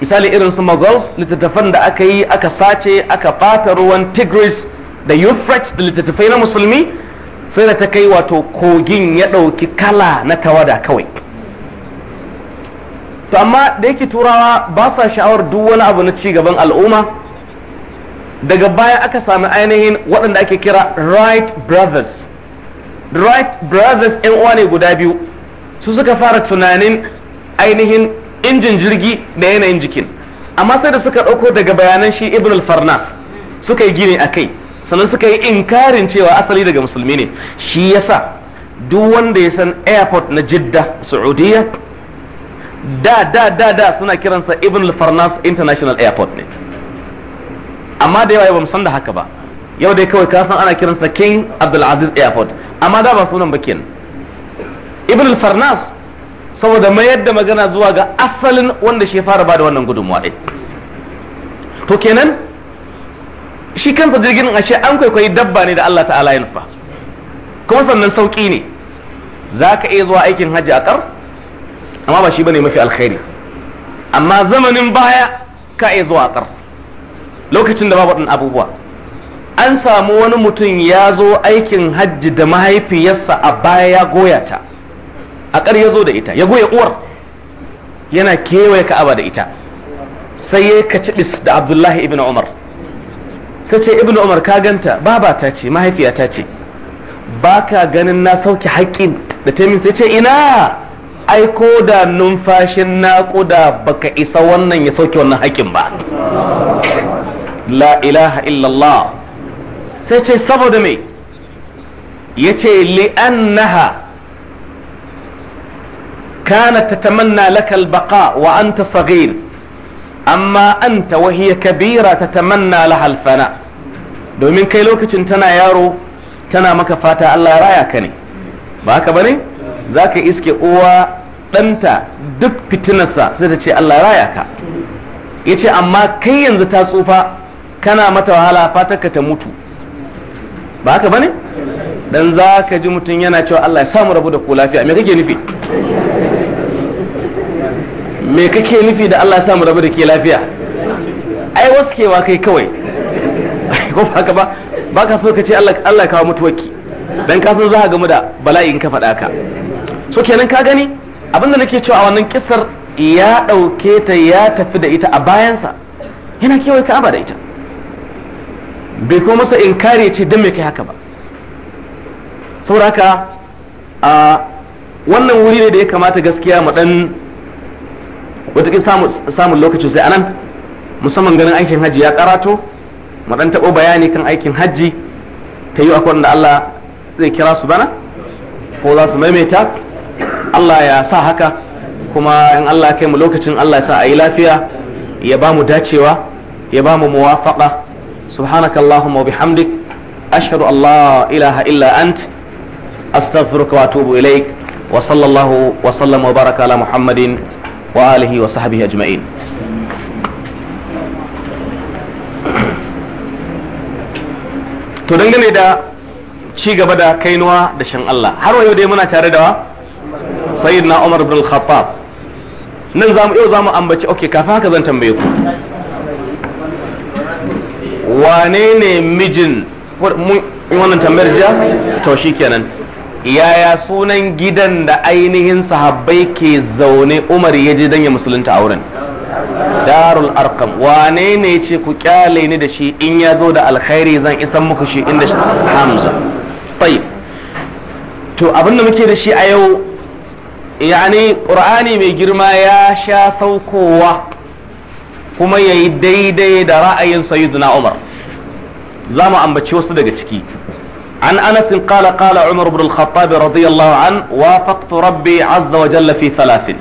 misali irin su mughals littattafan da aka yi aka sace aka ɓata ruwan tigris da euphrates da littattafai na musulmi sai da ta kai wato kogin ya ɗauki kala na tawada kawai to amma da yake turawa ba sa sha'awar duk wani abu na ci gaban al'umma daga baya aka sami ainihin waɗanda ake kira right brothers the right brothers yan uwa ne guda biyu su suka fara tunanin ainihin injin jirgi da yanayin jikin amma sai da suka ɗauko daga bayanan shi ibn al-farnas suka yi gini a kai sannan suka yi inkarin cewa asali daga musulmi ne shi yasa duk wanda ya san airport na jidda saudiya da da da da suna kiransa ibn al-farnas international airport ne amma da yawa ba san da haka ba yau dai kawai ka san ana kiransa king abdulaziz airport amma da ba sunan ba kenan ibn al-farnas saboda mayar da magana zuwa ga asalin wanda shi fara bada wannan gudunmuwa ɗin to kenan shi kansa jirgin ashe an kwaikwayi dabba ne da Allah ta'ala ya nufa kuma sannan sauƙi ne za ka iya zuwa aikin hajji a kar amma ba shi bane mafi alkhairi amma zamanin baya ka iya zuwa a kar lokacin da babu waɗannan abubuwa an samu wani mutum ya zo aikin hajji da mahaifiyarsa a baya ya goya ta a kar ya zo da ita ya goya uwar yana kewaye aba da ita sai ya kaci da abdullahi ibn umar sai ce ibn umar ka ganta baba ta ce mahaifiya ta ce ba ka ganin na sauke haƙƙin da ta min sai ce ina aiko da numfashin naƙuda baka isa wannan ya sauke wannan haƙƙin ba la ilaha illallah sai ce saboda mai yace li'annaha Kana ta كانت تتمنى لك البقاء وأنت صغير أما أنت Kabira ta تتمنى لها halfana. domin kai lokacin tana yaro tana maka fata Allah raya ka ne ba haka bane za ka iske uwa ɗanta duk fitinarsa sai ta ce Allah raya ka ya ce amma kai yanzu ta tsufa kana mata wahala fatar ka ta mutu ba haka bane dan za ka ji mutum yana cewa Allah ya samu rabu da ku lafiya me kake nufi me kake nufi da Allah ya samu rabu da ke lafiya ai waskewa kai kawai ko haka ba ka so ka ce Allah Allah kawo mutuwarki dan ka san za ka gamu da bala'i in ka faɗa ka so kenan ka gani abinda nake cewa a wannan kissar ya ɗauke ta ya tafi da ita a bayansa yana kewaye aba da ita bai kuma masa inkari ce dan me kai haka ba saboda haka a wannan wuri ne da ya kamata gaskiya mu dan watakin samun lokacin sai anan musamman ganin aikin hajji ya karato mu dan tabo bayani kan aikin hajji ta yi akwai da Allah zai kira su bana ko za su maimaita Allah ya sa haka kuma in Allah kai mu lokacin Allah ya sa a yi lafiya ya ba mu dacewa ya ba mu muwafaqa subhanaka allahumma wa bihamdik ashhadu an la ilaha illa ant astaghfiruka wa atubu ilaik wa sallallahu wa sallama wa baraka ala muhammadin wa alihi wa sahbihi ajma'in to dangane da ci gaba da kainuwa da shan Allah har yau dai muna tare da sayyidina Umar ibn al-Khattab nan zamu yau zamu ambaci okay kafin haka zan tambaye ku wane ne mijin wannan tambayar jiya to shikenan yaya sunan gidan da ainihin sahabbai ke zaune umar ya ji dan ya musulunta a wurin darul arkam wane ne ce ku kyale ni da shi in ya zo da alkhairi zan isan muku shi inda hamza tayyib to abinda muke da shi a yau yani qur'ani mai girma ya sha saukowa kuma yayi daidai da ra'ayin sayyidina umar za mu ambaci wasu daga ciki عن أنس قال قال عمر بن الخطاب رضي الله عنه وافقت ربي عز وجل في ثلاث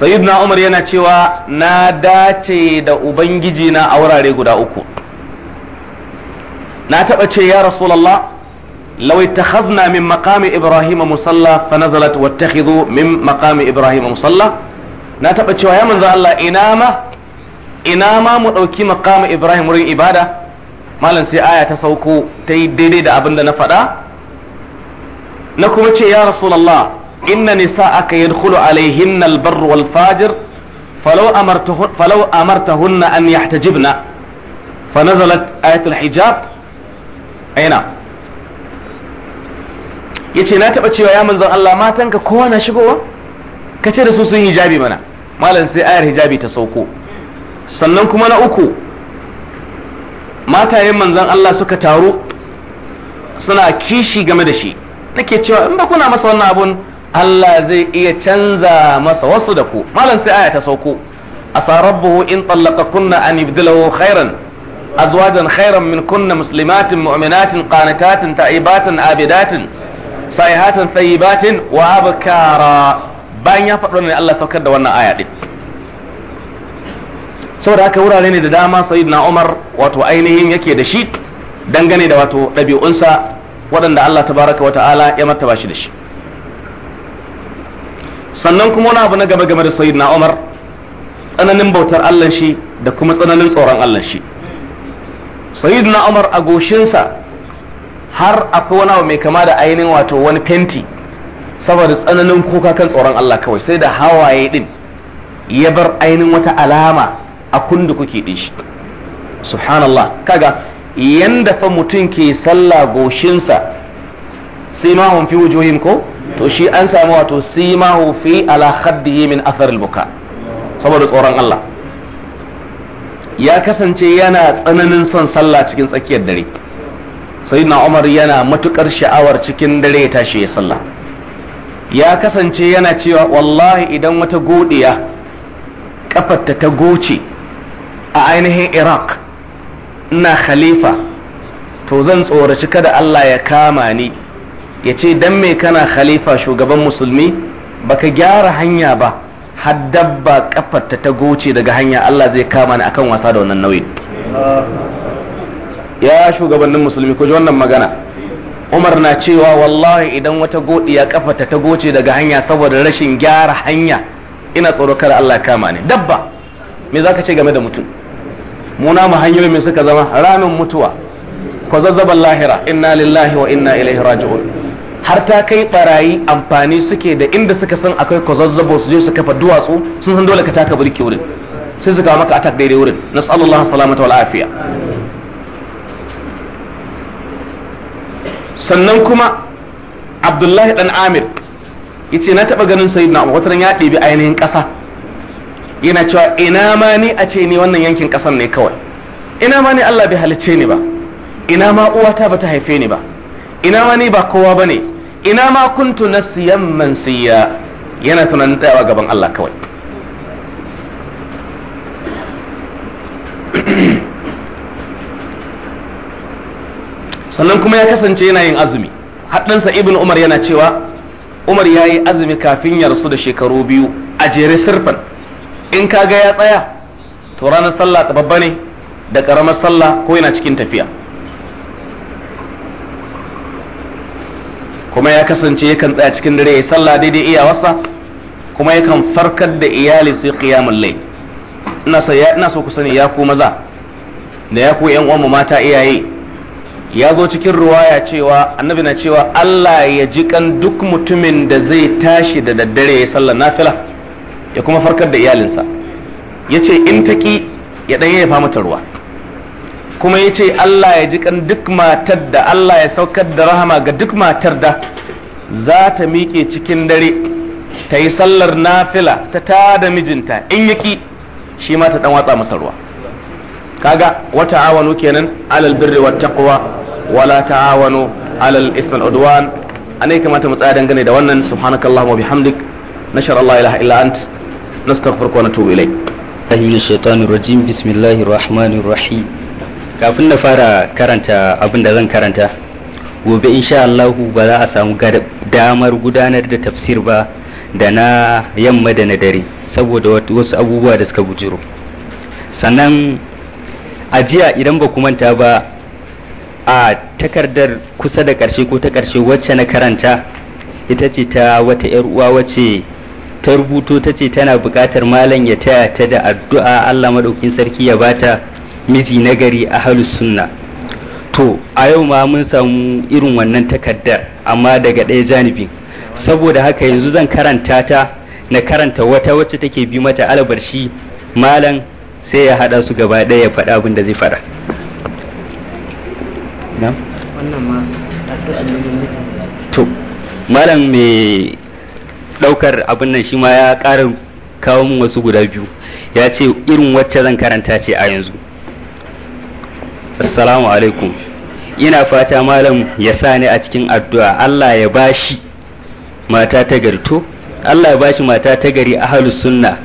سيدنا عمر yana cewa na dace da ubangiji na a wurare guda uku na taba ce ya rasulullah law ittakhadna min maqami ibrahim musalla fa nazalat wattakhidhu min maqami ibrahim musalla na taba cewa ya manzo Allah ina ma ina ma mu dauki maqami ibrahim wurin ibada malam sai aya ta sauko ta yi daidai da abin da na faɗa na kuma ce ya rasulallah inna nisa aka yadkhulu alaihinna albarru wal fajir falau amartahunna an yahtajibna fa nazalat ayatul hijab aina yace na taba cewa ya manzon Allah matanka kowa na shigowa kace da su sun hijabi mana malam sai ayar hijabi ta sauko sannan kuma na uku matayen manzon Allah suka taru suna kishi game da shi take cewa in ba kuna masa wannan abun Allah zai iya canza masa wasu da ku malam sai aya ta sauko asa rabbuhu in kunna an yubdilahu khairan azwajan khairan min kunna muslimatin mu'minatin qanitatin, ta'ibatin abidatin sa'ihatin tayyibatin wa abkara bayan ya faɗo ne Allah saukar da wannan aya din saboda haka wurare ne da dama sayyidina Umar wato ainihin yake da shi dangane da wato ɗabi'unsa waɗanda Allah tabaraka wa ta'ala ya martaba shi da shi sannan kuma wani abu na gaba game da sayyidina Umar tsananin bautar Allah shi da kuma tsananin tsoron Allah shi sayyidina Umar a goshinsa har akwai wani abu mai kama da ainihin wato wani fenti saboda tsananin kuka kan tsoron Allah kawai sai da hawaye din ya bar ainihin wata alama a kundu kuke din shi subhanallah kaga yanda fa mutum ke sallah goshinsa sai hun fi wujuhim ko to shi an samu wato simahu fi ala khaddihi min athar buka saboda tsoron Allah ya kasance yana tsananin son sallah cikin tsakiyar dare sayyidina Umar yana matukar sha'awar cikin dare ya tashi ya sallah ya kasance yana cewa wallahi idan wata godiya kafarta ta goce a ainihin iraq ina khalifa to zan tsoraci kada allah ya kama ni ya ce dan me kana khalifa shugaban musulmi baka gyara hanya ba har dabba kafarta ta goce daga hanya allah zai kama ni akan wasa da wannan nauyin ya shugabannin musulmi ko ji wannan magana umar na cewa wallahi idan wata godiya kafata ta goce daga hanya saboda rashin gyara hanya ina tsoro kada allah ya kama ni dabba me zaka ce game da mutum mu namu hanyoyin mai suka zama ramin mutuwa kwazazzaban lahira inna lillahi wa inna ilaihi raji'un har ta kai barayi amfani suke da inda suka san akwai kwazazzabo su je su kafa duwatsu sun san dole ka taka burki wurin sai su ga maka atak daidai wurin nas'alullah salamata wal afiya sannan kuma abdullahi dan amir yace na taba ganin sayyidina wata ya ɗebi ainihin ƙasa yana cewa ina ma ni a ce ni wannan yankin kasan ne kawai ina ma ni Allah bai halicce ni ba ina ma uwata bata haife ni ba ina ma ni ba kowa bane ina ma kuntu nasiyan mansiya yana tunanin tsayawa gaban Allah kawai sannan kuma ya kasance yana yin azumi haddansa ibn umar yana cewa umar ya yi azumi kafin ya rasu da shekaru biyu a jere sirfan in ka ga ya tsaya to ranar sallah ta babba ne da karamar sallah ko yana cikin tafiya kuma ya kasance yakan tsaya cikin dare ya sallah daidai iyawarsa kuma yakan farkar da iyali sai qiyamul layl ina so ya ina so ku sani ya ku maza da ya ku yan uwan mata iyaye ya zo cikin ruwaya cewa annabi na cewa Allah ya ji kan duk mutumin da zai tashi da daddare ya sallar nafila ya kuma farkar da iyalinsa ya ce in ta ya ɗan yafa mata ruwa kuma ya ce Allah ya ji kan duk matar da Allah ya saukar da rahama ga duk matar da za ta miƙe cikin dare ta yi sallar nafila ta tada mijinta in ya shi ma ta ɗan watsa masa ruwa kaga wata awanu kenan alal birri wa taqwa wala ta'awanu alal ismi wal udwan anai kamata mu tsaya dangane da wannan subhanakallahumma bihamdik nashar Allah ilaha illa anta nastaghfiruka wa natubu ilayk ayyuhu shaitanir rajim bismillahir rahmanir rahim kafin na fara karanta abin da zan karanta gobe insha Allah ba za a samu damar gudanar da tafsir ba da na yamma da na dare saboda wasu abubuwa da suka bujiro sannan ajiya idan ba manta ba a takardar kusa da ƙarshe ko ta karshe wacce na karanta ita ce ta wata 'yar uwa wacce ta rubuto ta ce tana buƙatar malam ya taya ta da addu'a Allah maɗaukin sarki ya bata miji nagari a halus sunna to a yau ma mun samu irin wannan takardar amma daga ɗaya janibin saboda haka yanzu zan karanta ta na karanta wata wacce take bi mata albarshi malam sai ya haɗa su gaba ɗaya ya faɗa abin da zai faɗa to malam mai ɗaukar abin nan shi ma ya ƙara kawo min wasu guda biyu ya ce irin wacce zan karanta ce a yanzu assalamu alaikum ina fata malam ya sa ni a cikin addu'a Allah ya bashi mata ta to Allah ya bashi mata ta gari ahlus sunna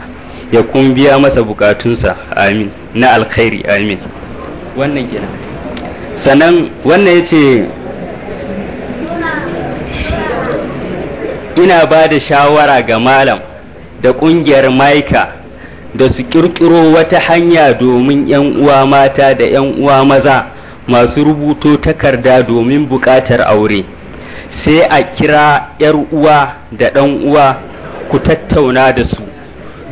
ya kun biya masa bukatunsa amin na alkhairi amin wannan kenan sannan wannan yace ina ba da shawara ga malam da ƙungiyar maika da su ƙirƙiro wata hanya domin 'yan uwa mata da 'yan uwa maza masu rubuto takarda domin buƙatar aure sai a kira 'yar uwa da ɗan uwa ku tattauna da su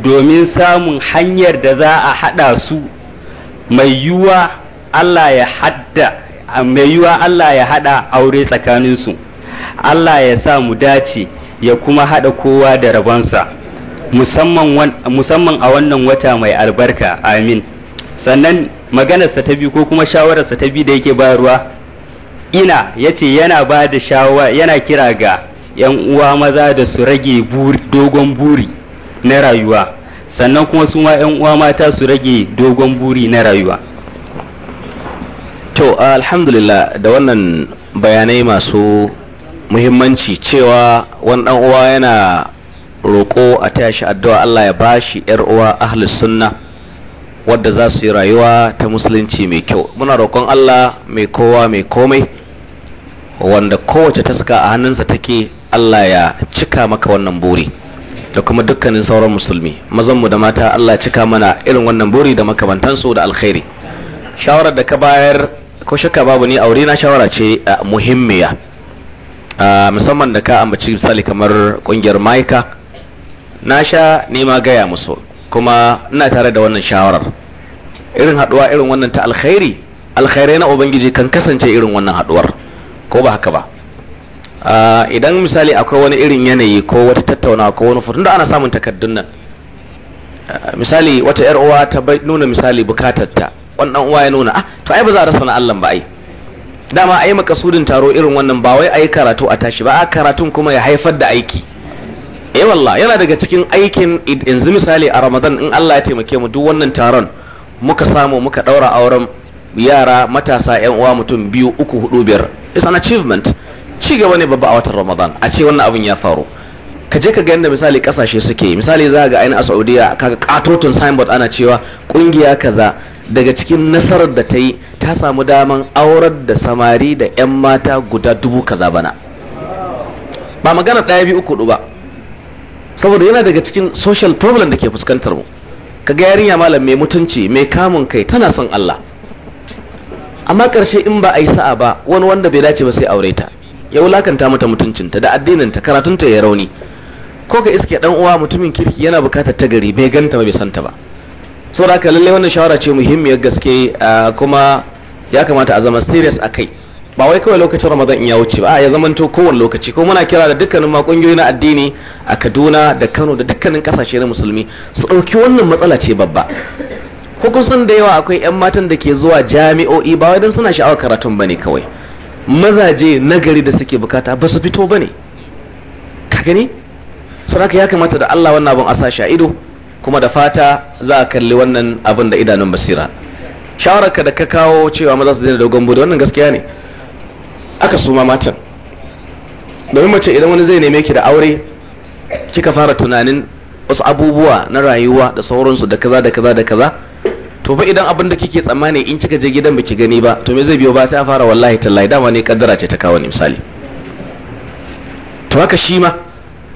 domin samun hanyar da za a haɗa su mai yiwuwa Allah ya haɗa aure tsakaninsu Allah ya sa mu dace ya kuma haɗa kowa da rabonsa musamman a wannan wata mai albarka amin sannan maganarsa ta biyu ko kuma shawararsa ta biyu da yake ruwa ina ya ce yana ba da shawara yana kira ga 'yan uwa maza da su rage dogon buri na rayuwa sannan kuma su ma 'yan uwa mata su rage dogon buri na rayuwa to alhamdulillah da wannan bayanai masu muhimmanci cewa wani dan uwa yana roƙo a taya shi addu'a Allah ya bashi yar uwa ahlus sunna wadda za su yi rayuwa ta musulunci mai kyau muna roƙon Allah mai kowa mai komai wanda kowace taska a hannunsa take Allah ya cika maka wannan buri da kuma dukkanin sauran musulmi mazanmu da mata Allah ya cika mana irin wannan buri da makamantansu da alkhairi shawarar da ka bayar ko shakka babu ni aure na shawara ce eh, muhimmiya Ah, musamman da ka ambaci misali kamar kungiyar maika na sha nema gaya musu kuma ina tare da wannan shawarar irin haduwa irin wannan ta alkhairi alkhairai na ubangiji kan kasance irin wannan haduwar ko ba haka ba ah, idan misali akwai wani irin yanayi ko wata tattaunawa ko wani fotun da ana samun takaddun nan ah, misali wata yar uwa ta nuna misali bukatarta wannan uwa ya nuna ah to ai ba za a rasa na Allah ba ai dama a yi makasudin taro irin wannan ba wai a yi karatu a tashi ba a karatun kuma ya haifar da aiki eh wallah yana daga cikin aikin yanzu misali a ramadan in allah ya taimake mu duk wannan taron muka samu muka daura auren yara matasa yan uwa mutum biyu uku hudu biyar it's an achievement ci gaba ne babba a watan ramadan a ce wannan abin ya faru ka je ka ga yadda misali kasashe suke misali za ga ainihin a saudiya kaga katotun signboard ana cewa kungiya kaza daga cikin nasarar da ta yi ta samu daman aurar da samari da 'yan mata guda dubu kaza bana ba magana ɗaya biyu uku ba saboda yana daga cikin social problem da ke fuskantar mu ga yarinya malam mai mutunci mai kamun kai tana son Allah amma ƙarshe in ba a yi sa'a ba wani wanda bai dace ba sai aure ta ya wulakanta mata mutuncinta da addininta karatunta ya rauni ko ka iske dan uwa mutumin kirki yana bukatar ta gari bai ganta ba bai santa ba saboda haka lalle wannan shawara ce muhimmiyar gaske kuma ya kamata a zama serious a kai ba wai kawai lokacin ramadan in ya wuce ba ya to kowane lokaci ko muna kira da dukkanin ma kungiyoyi na addini a kaduna da kano da dukkanin kasashe na musulmi su ɗauki wannan matsala ce babba ko kusan da yawa akwai 'yan matan da ke zuwa jami'o'i ba wai don suna sha'awar karatun bane kawai mazaje nagari da suke bukata ba su fito bane ka gani saboda ya kamata da Allah wannan abun a sa ido kuma da fata za a kalli wannan abun da idanun basira shawararka da ka kawo cewa maza su daina dogon bude wannan gaskiya ne aka suma matan domin mace idan wani zai neme ki da aure kika fara tunanin wasu abubuwa na rayuwa da sauransu da kaza da kaza da kaza to fa idan abin da kike tsammani in kika je gidan baki gani ba to me zai biyo ba sai a fara wallahi tallahi dama ne kaddara ce ta kawo ni misali to haka shi ma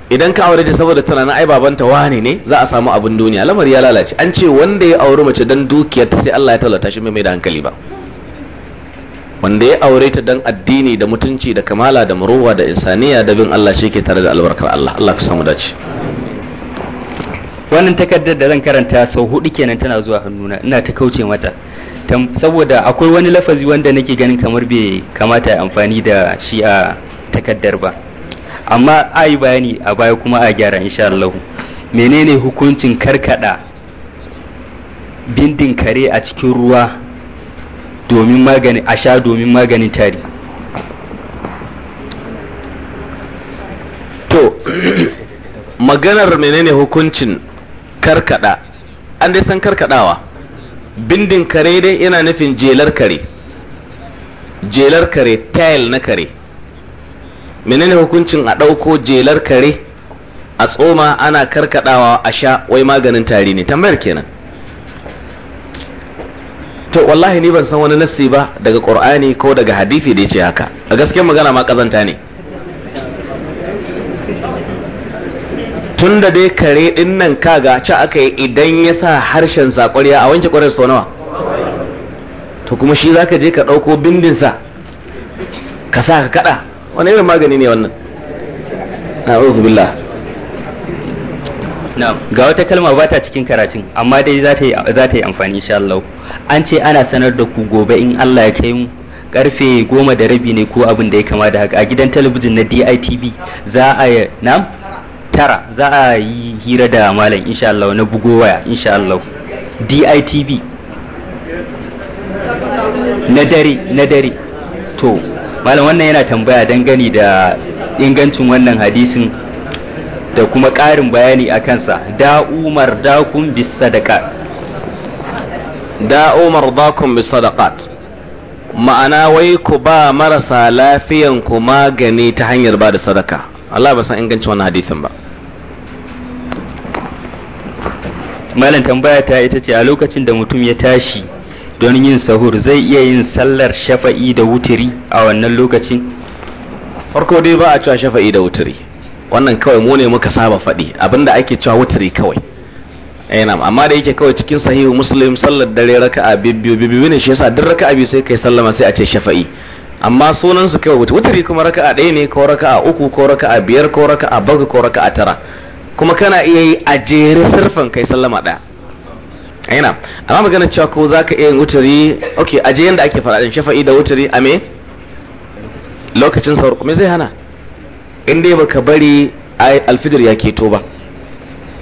idan ka aure ta saboda tana ai babanta wane ne za a samu abin duniya lamari ya lalace an ce wanda ya auri mace dan dukiyar ta sai Allah ya talata shi mai da hankali ba wanda ya aure ta dan addini da mutunci da kamala da muruwa da insaniya da bin Allah shi ke tare da albarkar Allah Allah ka samu dace wannan takardar da zan karanta sau hudu kenan tana zuwa hannuna ina ta kauce mata saboda akwai wani lafazi wanda nake ganin kamar bai kamata amfani da shi a takaddar ba amma a yi bayani a baya kuma a gyara insha Allah menene hukuncin karkada bindin kare a cikin ruwa domin magani a sha domin maganin tari to maganar menene hukuncin karkada an dai san karkadawa bindin kare dai yana nufin jelar kare jelar kare tile na kare menene hukuncin a ɗauko jelar kare a tsoma ana karkadawa a sha wai maganin tari ne tambayar kenan to wallahi ni ban san wani nassi ba daga qur'ani ko daga hadisi da yace haka a gaskiyar magana ma kazanta ne tunda dai kare din nan kaga ci aka yi idan ya sa harshen sa a wanke ƙwarar sau nawa to kuma shi zaka je ka ɗauko bindinsa ka sa ka kaɗa wani irin magani ne wannan a'udhu Na ga wata kalma ba ta cikin karatun amma dai za ta yi amfani insha Allah an ce ana sanar da ku gobe in Allah ya kai mu karfe goma da rabi ne ko abin da ya kama da haka a gidan talabijin na DITV za a yi na? tara za a yi hira da malam insha Allah na bugo waya insha Allah DITV na dare na dare to malam wannan yana tambaya dangane da ingancin wannan hadisin da kuma ƙarin bayani a kansa da dakun bis sadaqat da dakun bis sadaqat ma'ana wai ku ba marasa lafiyan ku magani ta hanyar ba da sadaka Allah ba san ingancin wannan hadisin ba malam tambaya ta ita ce a lokacin da mutum ya tashi don yin sahur zai iya yin sallar shafa'i da wuturi a wannan lokaci farko dai ba a cewa shafa'i da wuturi wannan kawai mu ne muka saba faɗi abinda ake cewa wuturi kawai eh, ainihin amma da yake kawai cikin sahihu muslim sallar dare raka'a biyu biyu ne shi yasa duk raka'a biyu sai kai sallama sai a ce shafa'i amma sunan su kawai wuturi kuma raka'a ɗaya ne ko raka'a uku ko raka'a biyar ko raka'a bakwai ko raka'a tara kuma kana iya yi a jere sirfan kai sallama ɗaya aina amma magana cewa ko za ka iya wutari ok aje yadda ake faradin shafa'i da wutari a me lokacin saur kuma zai hana in dai baka bari alfijir ya keto ba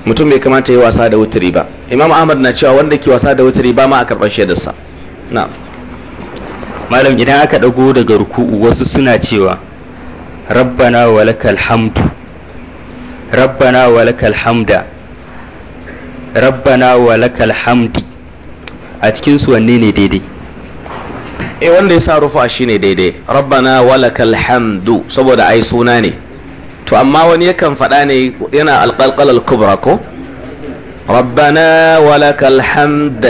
mutum bai kamata yi wasa da wutari ba imam ahmad na cewa wanda ke wasa da wutari ba ma a karɓar shaidarsa na malam idan aka ɗago daga ruku'u wasu suna cewa rabbana walakal hamdu rabbana walakal hamda rabbana wa lakal hamdi a cikin su wanne ne daidai eh wanda ya sa rufa ne daidai rabbana wa lakal hamdu saboda ai suna ne to amma wani yakan faɗa ne yana alƙalƙal kubra ko rabbana wa lakal hamd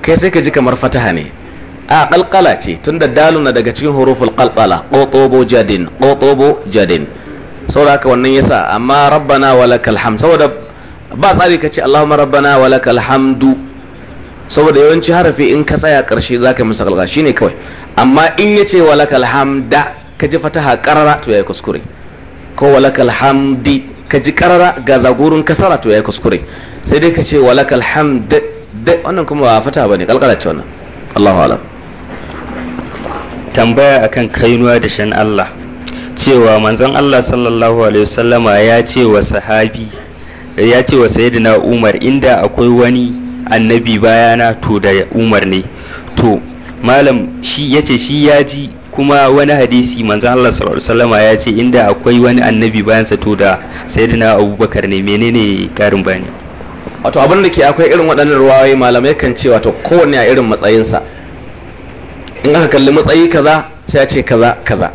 kai sai ka ji kamar fataha ne a ƙalƙala ce tunda daluna daga cikin huruful ƙalƙala ƙoƙobo jadin Ƙoƙobo jadin saboda haka wannan yasa amma rabbana wa lakal hamd saboda ba tsari ka ce Allahumma rabbana wa lakal hamdu saboda yawanci harafi in ka tsaya karshe zaka masa kalga shine kawai amma in yace wa lakal hamda ka ji fataha karara to yayi kuskure ko wa lakal hamdi ka ji karara ga zagurun kasara to yayi kuskure sai dai ka ce wa lakal hamd wannan kuma ba fataha bane kalkala ce wannan Allahu alam tambaya akan kainuwa da shan Allah cewa manzon Allah sallallahu alaihi wasallama ya ce wa sahabi ya ce wa sayyidina umar inda akwai wani annabi bayana to da umar ne to malam shi ya ce shi ya ji kuma wani hadisi manzo Allah sallallahu alaihi ya ce inda akwai wani annabi bayansa to da sayyidina abubakar ne menene karin bani wato abin da ke akwai irin waɗannan ruwayoyi malamai kan ce wato kowanne a irin matsayinsa in aka kalli matsayi kaza sai ya ce kaza kaza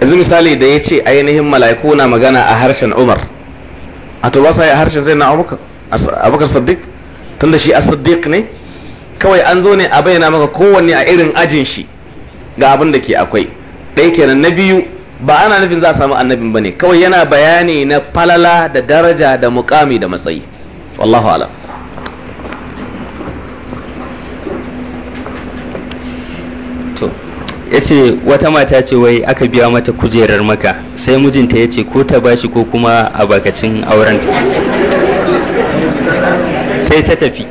yanzu misali da ya ce ainihin mala'iku na magana a harshen umar a to ba sa yi harshen zai na abubakar saddiq tunda shi a saddiq ne kawai an zo ne a bayyana maka kowanne a irin ajin shi ga abin da ke akwai ɗaya kenan na biyu ba ana nufin za a samu annabin bane kawai yana bayani na falala da daraja da mukami da matsayi wallahu alam to ce wata mata ce wai aka biya mata kujerar maka sai mijinta ya ce ko ta bashi ko kuma a bakacin aurenta sai ta tafi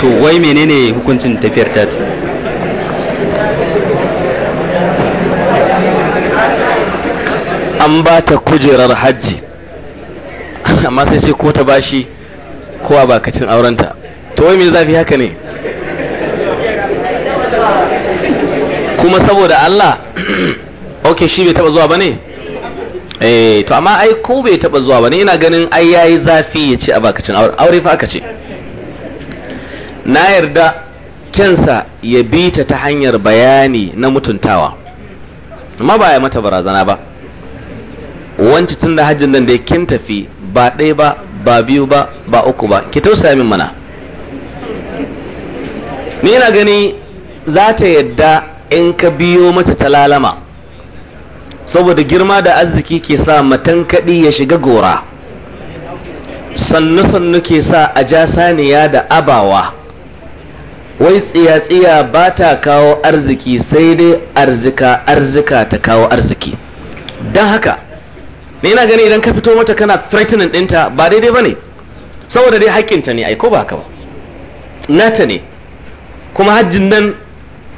to wai menene hukuncin tafiyar ta an ba ta kujerar hajji amma sai ce ko ta bashi ko a bakacin aurenta to wai me zafi haka ne kuma saboda Allah ok shi bai taba zuwa ba ne eh to amma ai ko bai taba zuwa ba ne ina ganin ai yayi zafi ya ce a bakacin aure aure fa aka ce na yarda kensa ya bi ta ta hanyar bayani na mutuntawa amma ba ya mata barazana ba wanci tun da hajjin nan da kin tafi ba ɗaya ba ba biyu ba ba uku ba ki tausaya min mana ni ina gani za ta yadda in ka biyo mata ta lalama saboda girma da arziki ke sa matan kaɗi ya shiga gora sannu-sannu ke sa a ja saniya da abawa wai tsiya-tsiya ba ta kawo arziki sai dai arzika arzika ta kawo arziki don haka ne yana gani idan ka fito mata kana threatening ɗinta ba daidai ba ne saboda dai haƙƙinta ne ai ko ba haka ba nata ne kuma hajjin nan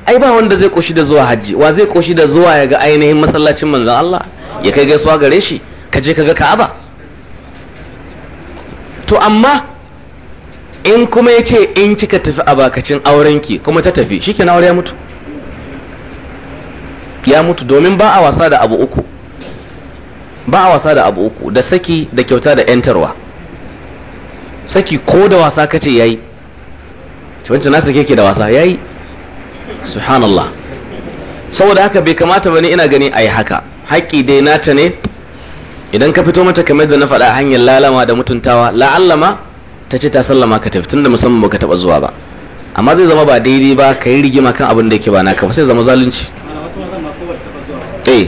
ai ba wanda zai koshi da zuwa hajji wa zai koshi da zuwa ya ga ainihin masallacin manzon Allah ya kai gaisuwa gare shi ka je ka ga Ka'aba to amma in kuma ya ce in kika tafi a bakacin aurenki kuma ta tafi shi aure ya mutu ya mutu domin ba a wasa da abu uku ba a wasa da abu uku da saki da kyauta da yantarwa saki ko da wasa kace yayi wancan nasa keke da wasa yayi subhanallah saboda haka bai kamata bane ina gani ayi haka haƙƙi dai nata ne idan ka fito mata kamar da na faɗa hanyar lalama da mutuntawa la'allama ta ce ta sallama ka tafi tunda musamman baka taɓa zuwa ba amma zai zama ba daidai ba ka yi rigima kan abin da yake ba naka ba sai zama zalunci eh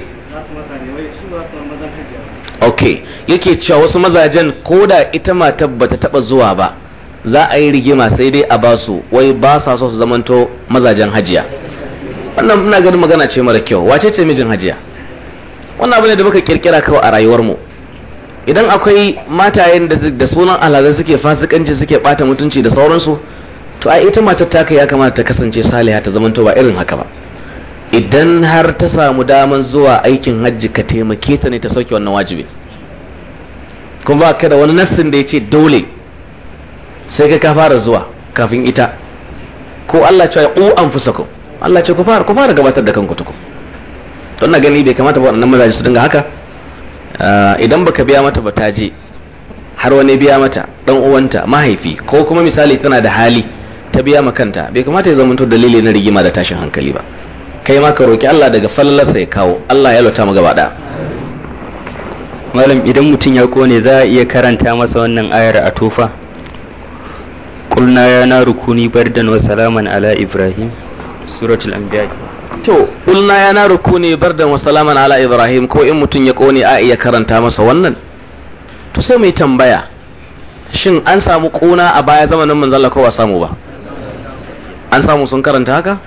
yake cewa wasu mazajen ko da ita matar bata taɓa zuwa ba za a yi rigima sai dai a basu wai ba sa so su zamanto mazajen hajiya wannan ina ganin magana ce mara kyau wace ce mijin hajiya wannan abu ne da muka kirkira kawai a rayuwarmu idan akwai matayen da da sunan alhazai suke fasikanci suke bata mutunci da sauransu to a ita matar ta ya kamata ta kasance saliha ta zamanto ba irin haka ba idan har ta samu daman zuwa aikin hajji ka taimake ta ne ta sauke wannan wajibi kuma ba ka da wani nassin da ya ce dole sai kai ka fara zuwa kafin ita ko Allah cewa ku ku Allah ce ku fara ku fara gabatar da kanku tukun don na gani bai kamata ba waɗannan mazaji su dinga haka ah, idan baka biya mata ba ta je har wani biya mata dan uwanta mahaifi ko kuma misali tana da hali ta biya ma kanta bai kamata ya zamanto dalili na rigima da tashin hankali ba kai ma ka roki Allah daga fallalarsa ya kawo Allah ya lauta mu gaba da malam idan mutum ya kone za a iya karanta masa wannan ayar a tufa kulna ya na rukuni da wa salaman ala ibrahim suratul anbiya to kulna ya na rukuni bardan wa salaman ala ibrahim ko in mutum ya kone a iya karanta masa wannan to sai mai tambaya shin an samu kuna a baya zamanin manzon Allah ko ba samu ba an samu sun karanta haka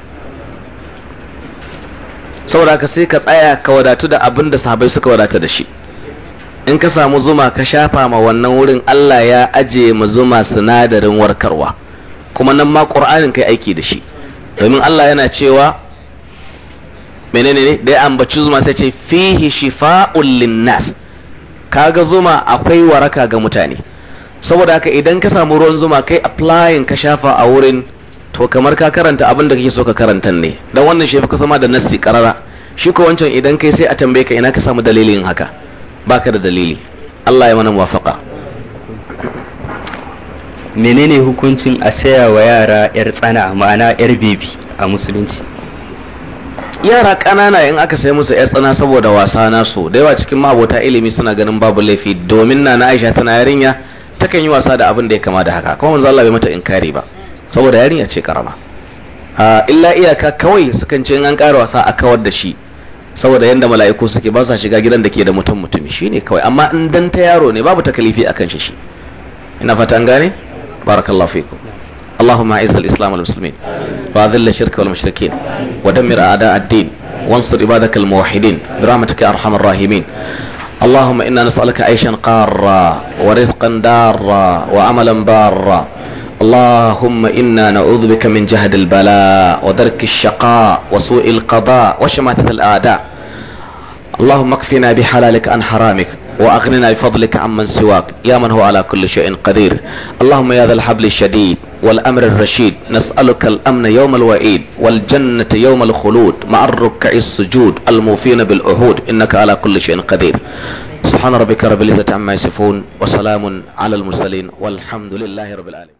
saboda ka sai ka tsaya ka wadatu da abin da sahabbai suka wadata da shi in ka samu zuma ka shafa ma wannan wurin Allah ya aje ma zuma sinadarin warkarwa kuma nan ma ƙur'anin kai aiki da shi domin Allah yana cewa menene ne da ya ambaci zuma sai ce fihi shifa'un linnas kaga zuma akwai waraka ga mutane saboda haka idan ka samu ruwan zuma kai applying ka shafa a wurin to kamar ka karanta abin da kake so ka karanta ne dan wannan shi fa sama da nassi karara shi ko wancan idan kai sai a tambaye ka ina ka samu dalilin haka baka da dalili Allah ya mana muwafaka menene hukuncin a saya wa yara 'yar tsana ma'ana 'yar bebi a musulunci yara ƙanana in aka sai musu 'yar tsana saboda wasa nasu da yawa cikin mabota ilimi suna ganin babu laifi domin na na aisha tana yarinya takan yi wasa da abin da ya kama da haka kuma manzo Allah bai mata inkari ba saboda yarinya ce karama illa iyaka kawai sukan ce in an ƙara wasa a kawar da shi saboda yanda mala'iku suke ba sa shiga gidan da ke da mutum mutumi shine kawai amma in dan ta yaro ne babu takalifi akan shi shi ina fata an gane barakallahu fikum اللهم اعز الاسلام والمسلمين واذل الشرك والمشركين ودمر اعداء الدين وانصر عبادك الموحدين برحمتك يا ارحم الراحمين اللهم انا نسالك عيشا قارا ورزقا دارا وعملا بارا اللهم إنا نعوذ بك من جهد البلاء ودرك الشقاء وسوء القضاء وشماتة الأعداء اللهم اكفنا بحلالك عن حرامك وأغننا بفضلك عمن سواك يا من هو على كل شيء قدير اللهم يا ذا الحبل الشديد والأمر الرشيد نسألك الأمن يوم الوعيد والجنة يوم الخلود مع الركع السجود الموفين بالعهود إنك على كل شيء قدير سبحان ربك رب العزة عما يصفون وسلام على المرسلين والحمد لله رب العالمين